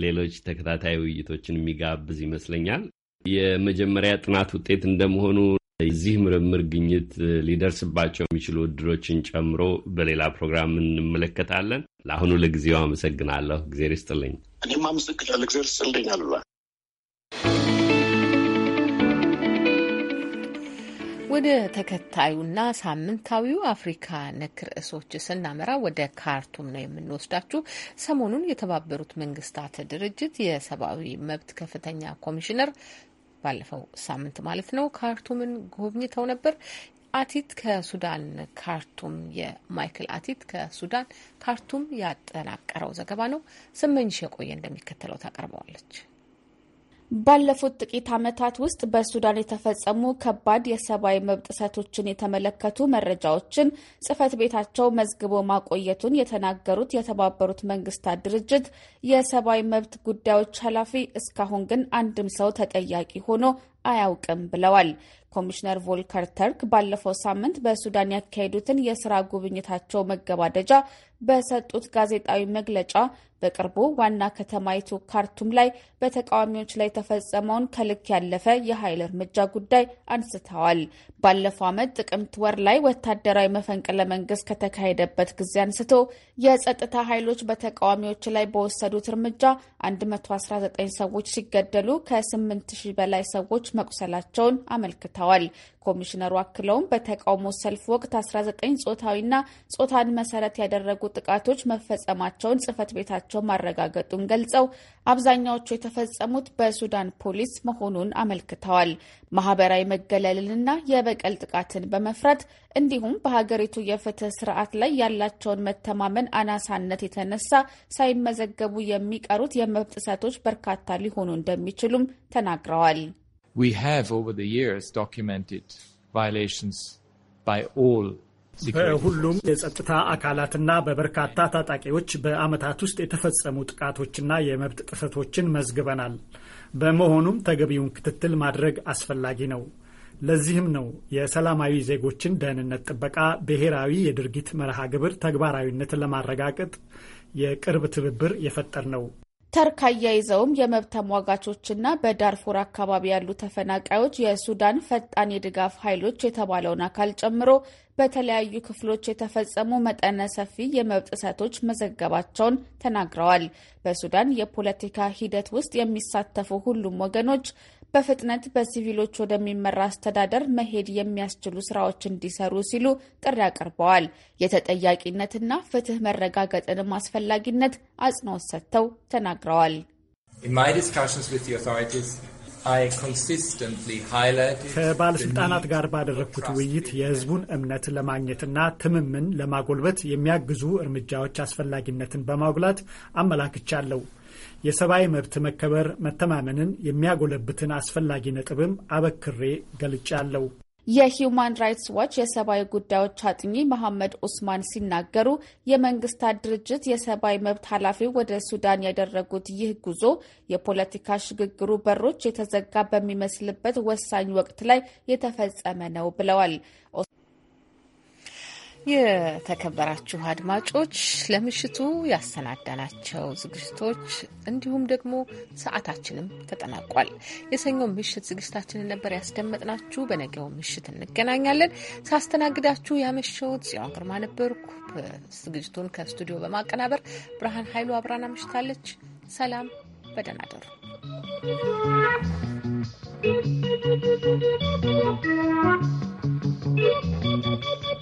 ሌሎች ተከታታይ ውይይቶችን የሚጋብዝ ይመስለኛል። የመጀመሪያ ጥናት ውጤት እንደመሆኑ የዚህ ምርምር ግኝት ሊደርስባቸው የሚችሉ እድሎችን ጨምሮ በሌላ ፕሮግራም እንመለከታለን። ለአሁኑ ለጊዜው አመሰግናለሁ። እግዜር ይስጥልኝ። እኔም አመሰግናለሁ። እግዜር ይስጥልኝ አሉላ። ወደ ተከታዩና ሳምንታዊው አፍሪካ ነክ ርዕሶች ስናመራ ወደ ካርቱም ነው የምንወስዳችሁ። ሰሞኑን የተባበሩት መንግስታት ድርጅት የሰብአዊ መብት ከፍተኛ ኮሚሽነር ባለፈው ሳምንት ማለት ነው ካርቱምን ጎብኝተው ነበር። አቲት ከሱዳን ካርቱም የማይክል አቲት ከሱዳን ካርቱም ያጠናቀረው ዘገባ ነው። ስመኝሽ የቆየ እንደሚከተለው ታቀርበዋለች። ባለፉት ጥቂት ዓመታት ውስጥ በሱዳን የተፈጸሙ ከባድ የሰብአዊ መብት ጥሰቶችን የተመለከቱ መረጃዎችን ጽህፈት ቤታቸው መዝግቦ ማቆየቱን የተናገሩት የተባበሩት መንግስታት ድርጅት የሰብአዊ መብት ጉዳዮች ኃላፊ እስካሁን ግን አንድም ሰው ተጠያቂ ሆኖ አያውቅም ብለዋል። ኮሚሽነር ቮልከር ተርክ ባለፈው ሳምንት በሱዳን ያካሄዱትን የስራ ጉብኝታቸው መገባደጃ በሰጡት ጋዜጣዊ መግለጫ በቅርቡ ዋና ከተማይቱ ካርቱም ላይ በተቃዋሚዎች ላይ የተፈጸመውን ከልክ ያለፈ የኃይል እርምጃ ጉዳይ አንስተዋል። ባለፈው ዓመት ጥቅምት ወር ላይ ወታደራዊ መፈንቅለ መንግስት ከተካሄደበት ጊዜ አንስቶ የጸጥታ ኃይሎች በተቃዋሚዎች ላይ በወሰዱት እርምጃ 119 ሰዎች ሲገደሉ ከ8 በላይ ሰዎች መቁሰላቸውን አመልክተዋል። ኮሚሽነሩ አክለውም በተቃውሞ ሰልፍ ወቅት 19 ጾታዊና ጾታን መሰረት ያደረጉ ጥቃቶች መፈጸማቸውን ጽህፈት ቤታቸው ማረጋገጡን ገልጸው አብዛኛዎቹ የተፈጸሙት በሱዳን ፖሊስ መሆኑን አመልክተዋል። ማህበራዊ መገለልንና የበቀል ጥቃትን በመፍራት እንዲሁም በሀገሪቱ የፍትህ ስርዓት ላይ ያላቸውን መተማመን አናሳነት የተነሳ ሳይመዘገቡ የሚቀሩት የመብት ጥሰቶች በርካታ ሊሆኑ እንደሚችሉም ተናግረዋል። we have over the years documented violations by all በሁሉም የጸጥታ አካላትና በበርካታ ታጣቂዎች በአመታት ውስጥ የተፈጸሙ ጥቃቶችና የመብት ጥሰቶችን መዝግበናል። በመሆኑም ተገቢውን ክትትል ማድረግ አስፈላጊ ነው። ለዚህም ነው የሰላማዊ ዜጎችን ደህንነት ጥበቃ ብሔራዊ የድርጊት መርሃ ግብር ተግባራዊነት ለማረጋገጥ የቅርብ ትብብር የፈጠር ነው። ተርክ አያይዘውም የመብት ተሟጋቾችና በዳርፎር አካባቢ ያሉ ተፈናቃዮች የሱዳን ፈጣን የድጋፍ ኃይሎች የተባለውን አካል ጨምሮ በተለያዩ ክፍሎች የተፈጸሙ መጠነ ሰፊ የመብት ጥሰቶች መዘገባቸውን ተናግረዋል። በሱዳን የፖለቲካ ሂደት ውስጥ የሚሳተፉ ሁሉም ወገኖች በፍጥነት በሲቪሎች ወደሚመራ አስተዳደር መሄድ የሚያስችሉ ስራዎች እንዲሰሩ ሲሉ ጥሪ አቅርበዋል። የተጠያቂነትና ፍትህ መረጋገጥንም አስፈላጊነት አጽንኦት ሰጥተው ተናግረዋል። ከባለስልጣናት ጋር ባደረግኩት ውይይት የህዝቡን እምነት ለማግኘትና ትምምን ለማጎልበት የሚያግዙ እርምጃዎች አስፈላጊነትን በማጉላት አመላክቻለሁ። የሰብአዊ መብት መከበር መተማመንን የሚያጎለብትን አስፈላጊ ነጥብም አበክሬ ገልጫለሁ። የሂዩማን ራይትስ ዋች የሰብአዊ ጉዳዮች አጥኚ መሐመድ ኡስማን ሲናገሩ የመንግስታት ድርጅት የሰብአዊ መብት ኃላፊ ወደ ሱዳን ያደረጉት ይህ ጉዞ የፖለቲካ ሽግግሩ በሮች የተዘጋ በሚመስልበት ወሳኝ ወቅት ላይ የተፈጸመ ነው ብለዋል። የተከበራችሁ አድማጮች ለምሽቱ ያሰናዳናቸው ዝግጅቶች እንዲሁም ደግሞ ሰዓታችንም ተጠናቋል። የሰኞ ምሽት ዝግጅታችንን ነበር ያስደመጥናችሁ። በነገው ምሽት እንገናኛለን። ሳስተናግዳችሁ ያመሸሁት ጽዮን ግርማ ነበርኩ። ዝግጅቱን ከስቱዲዮ በማቀናበር ብርሃን ኃይሉ አብራና ምሽታለች። ሰላም፣ በደህና እደሩ።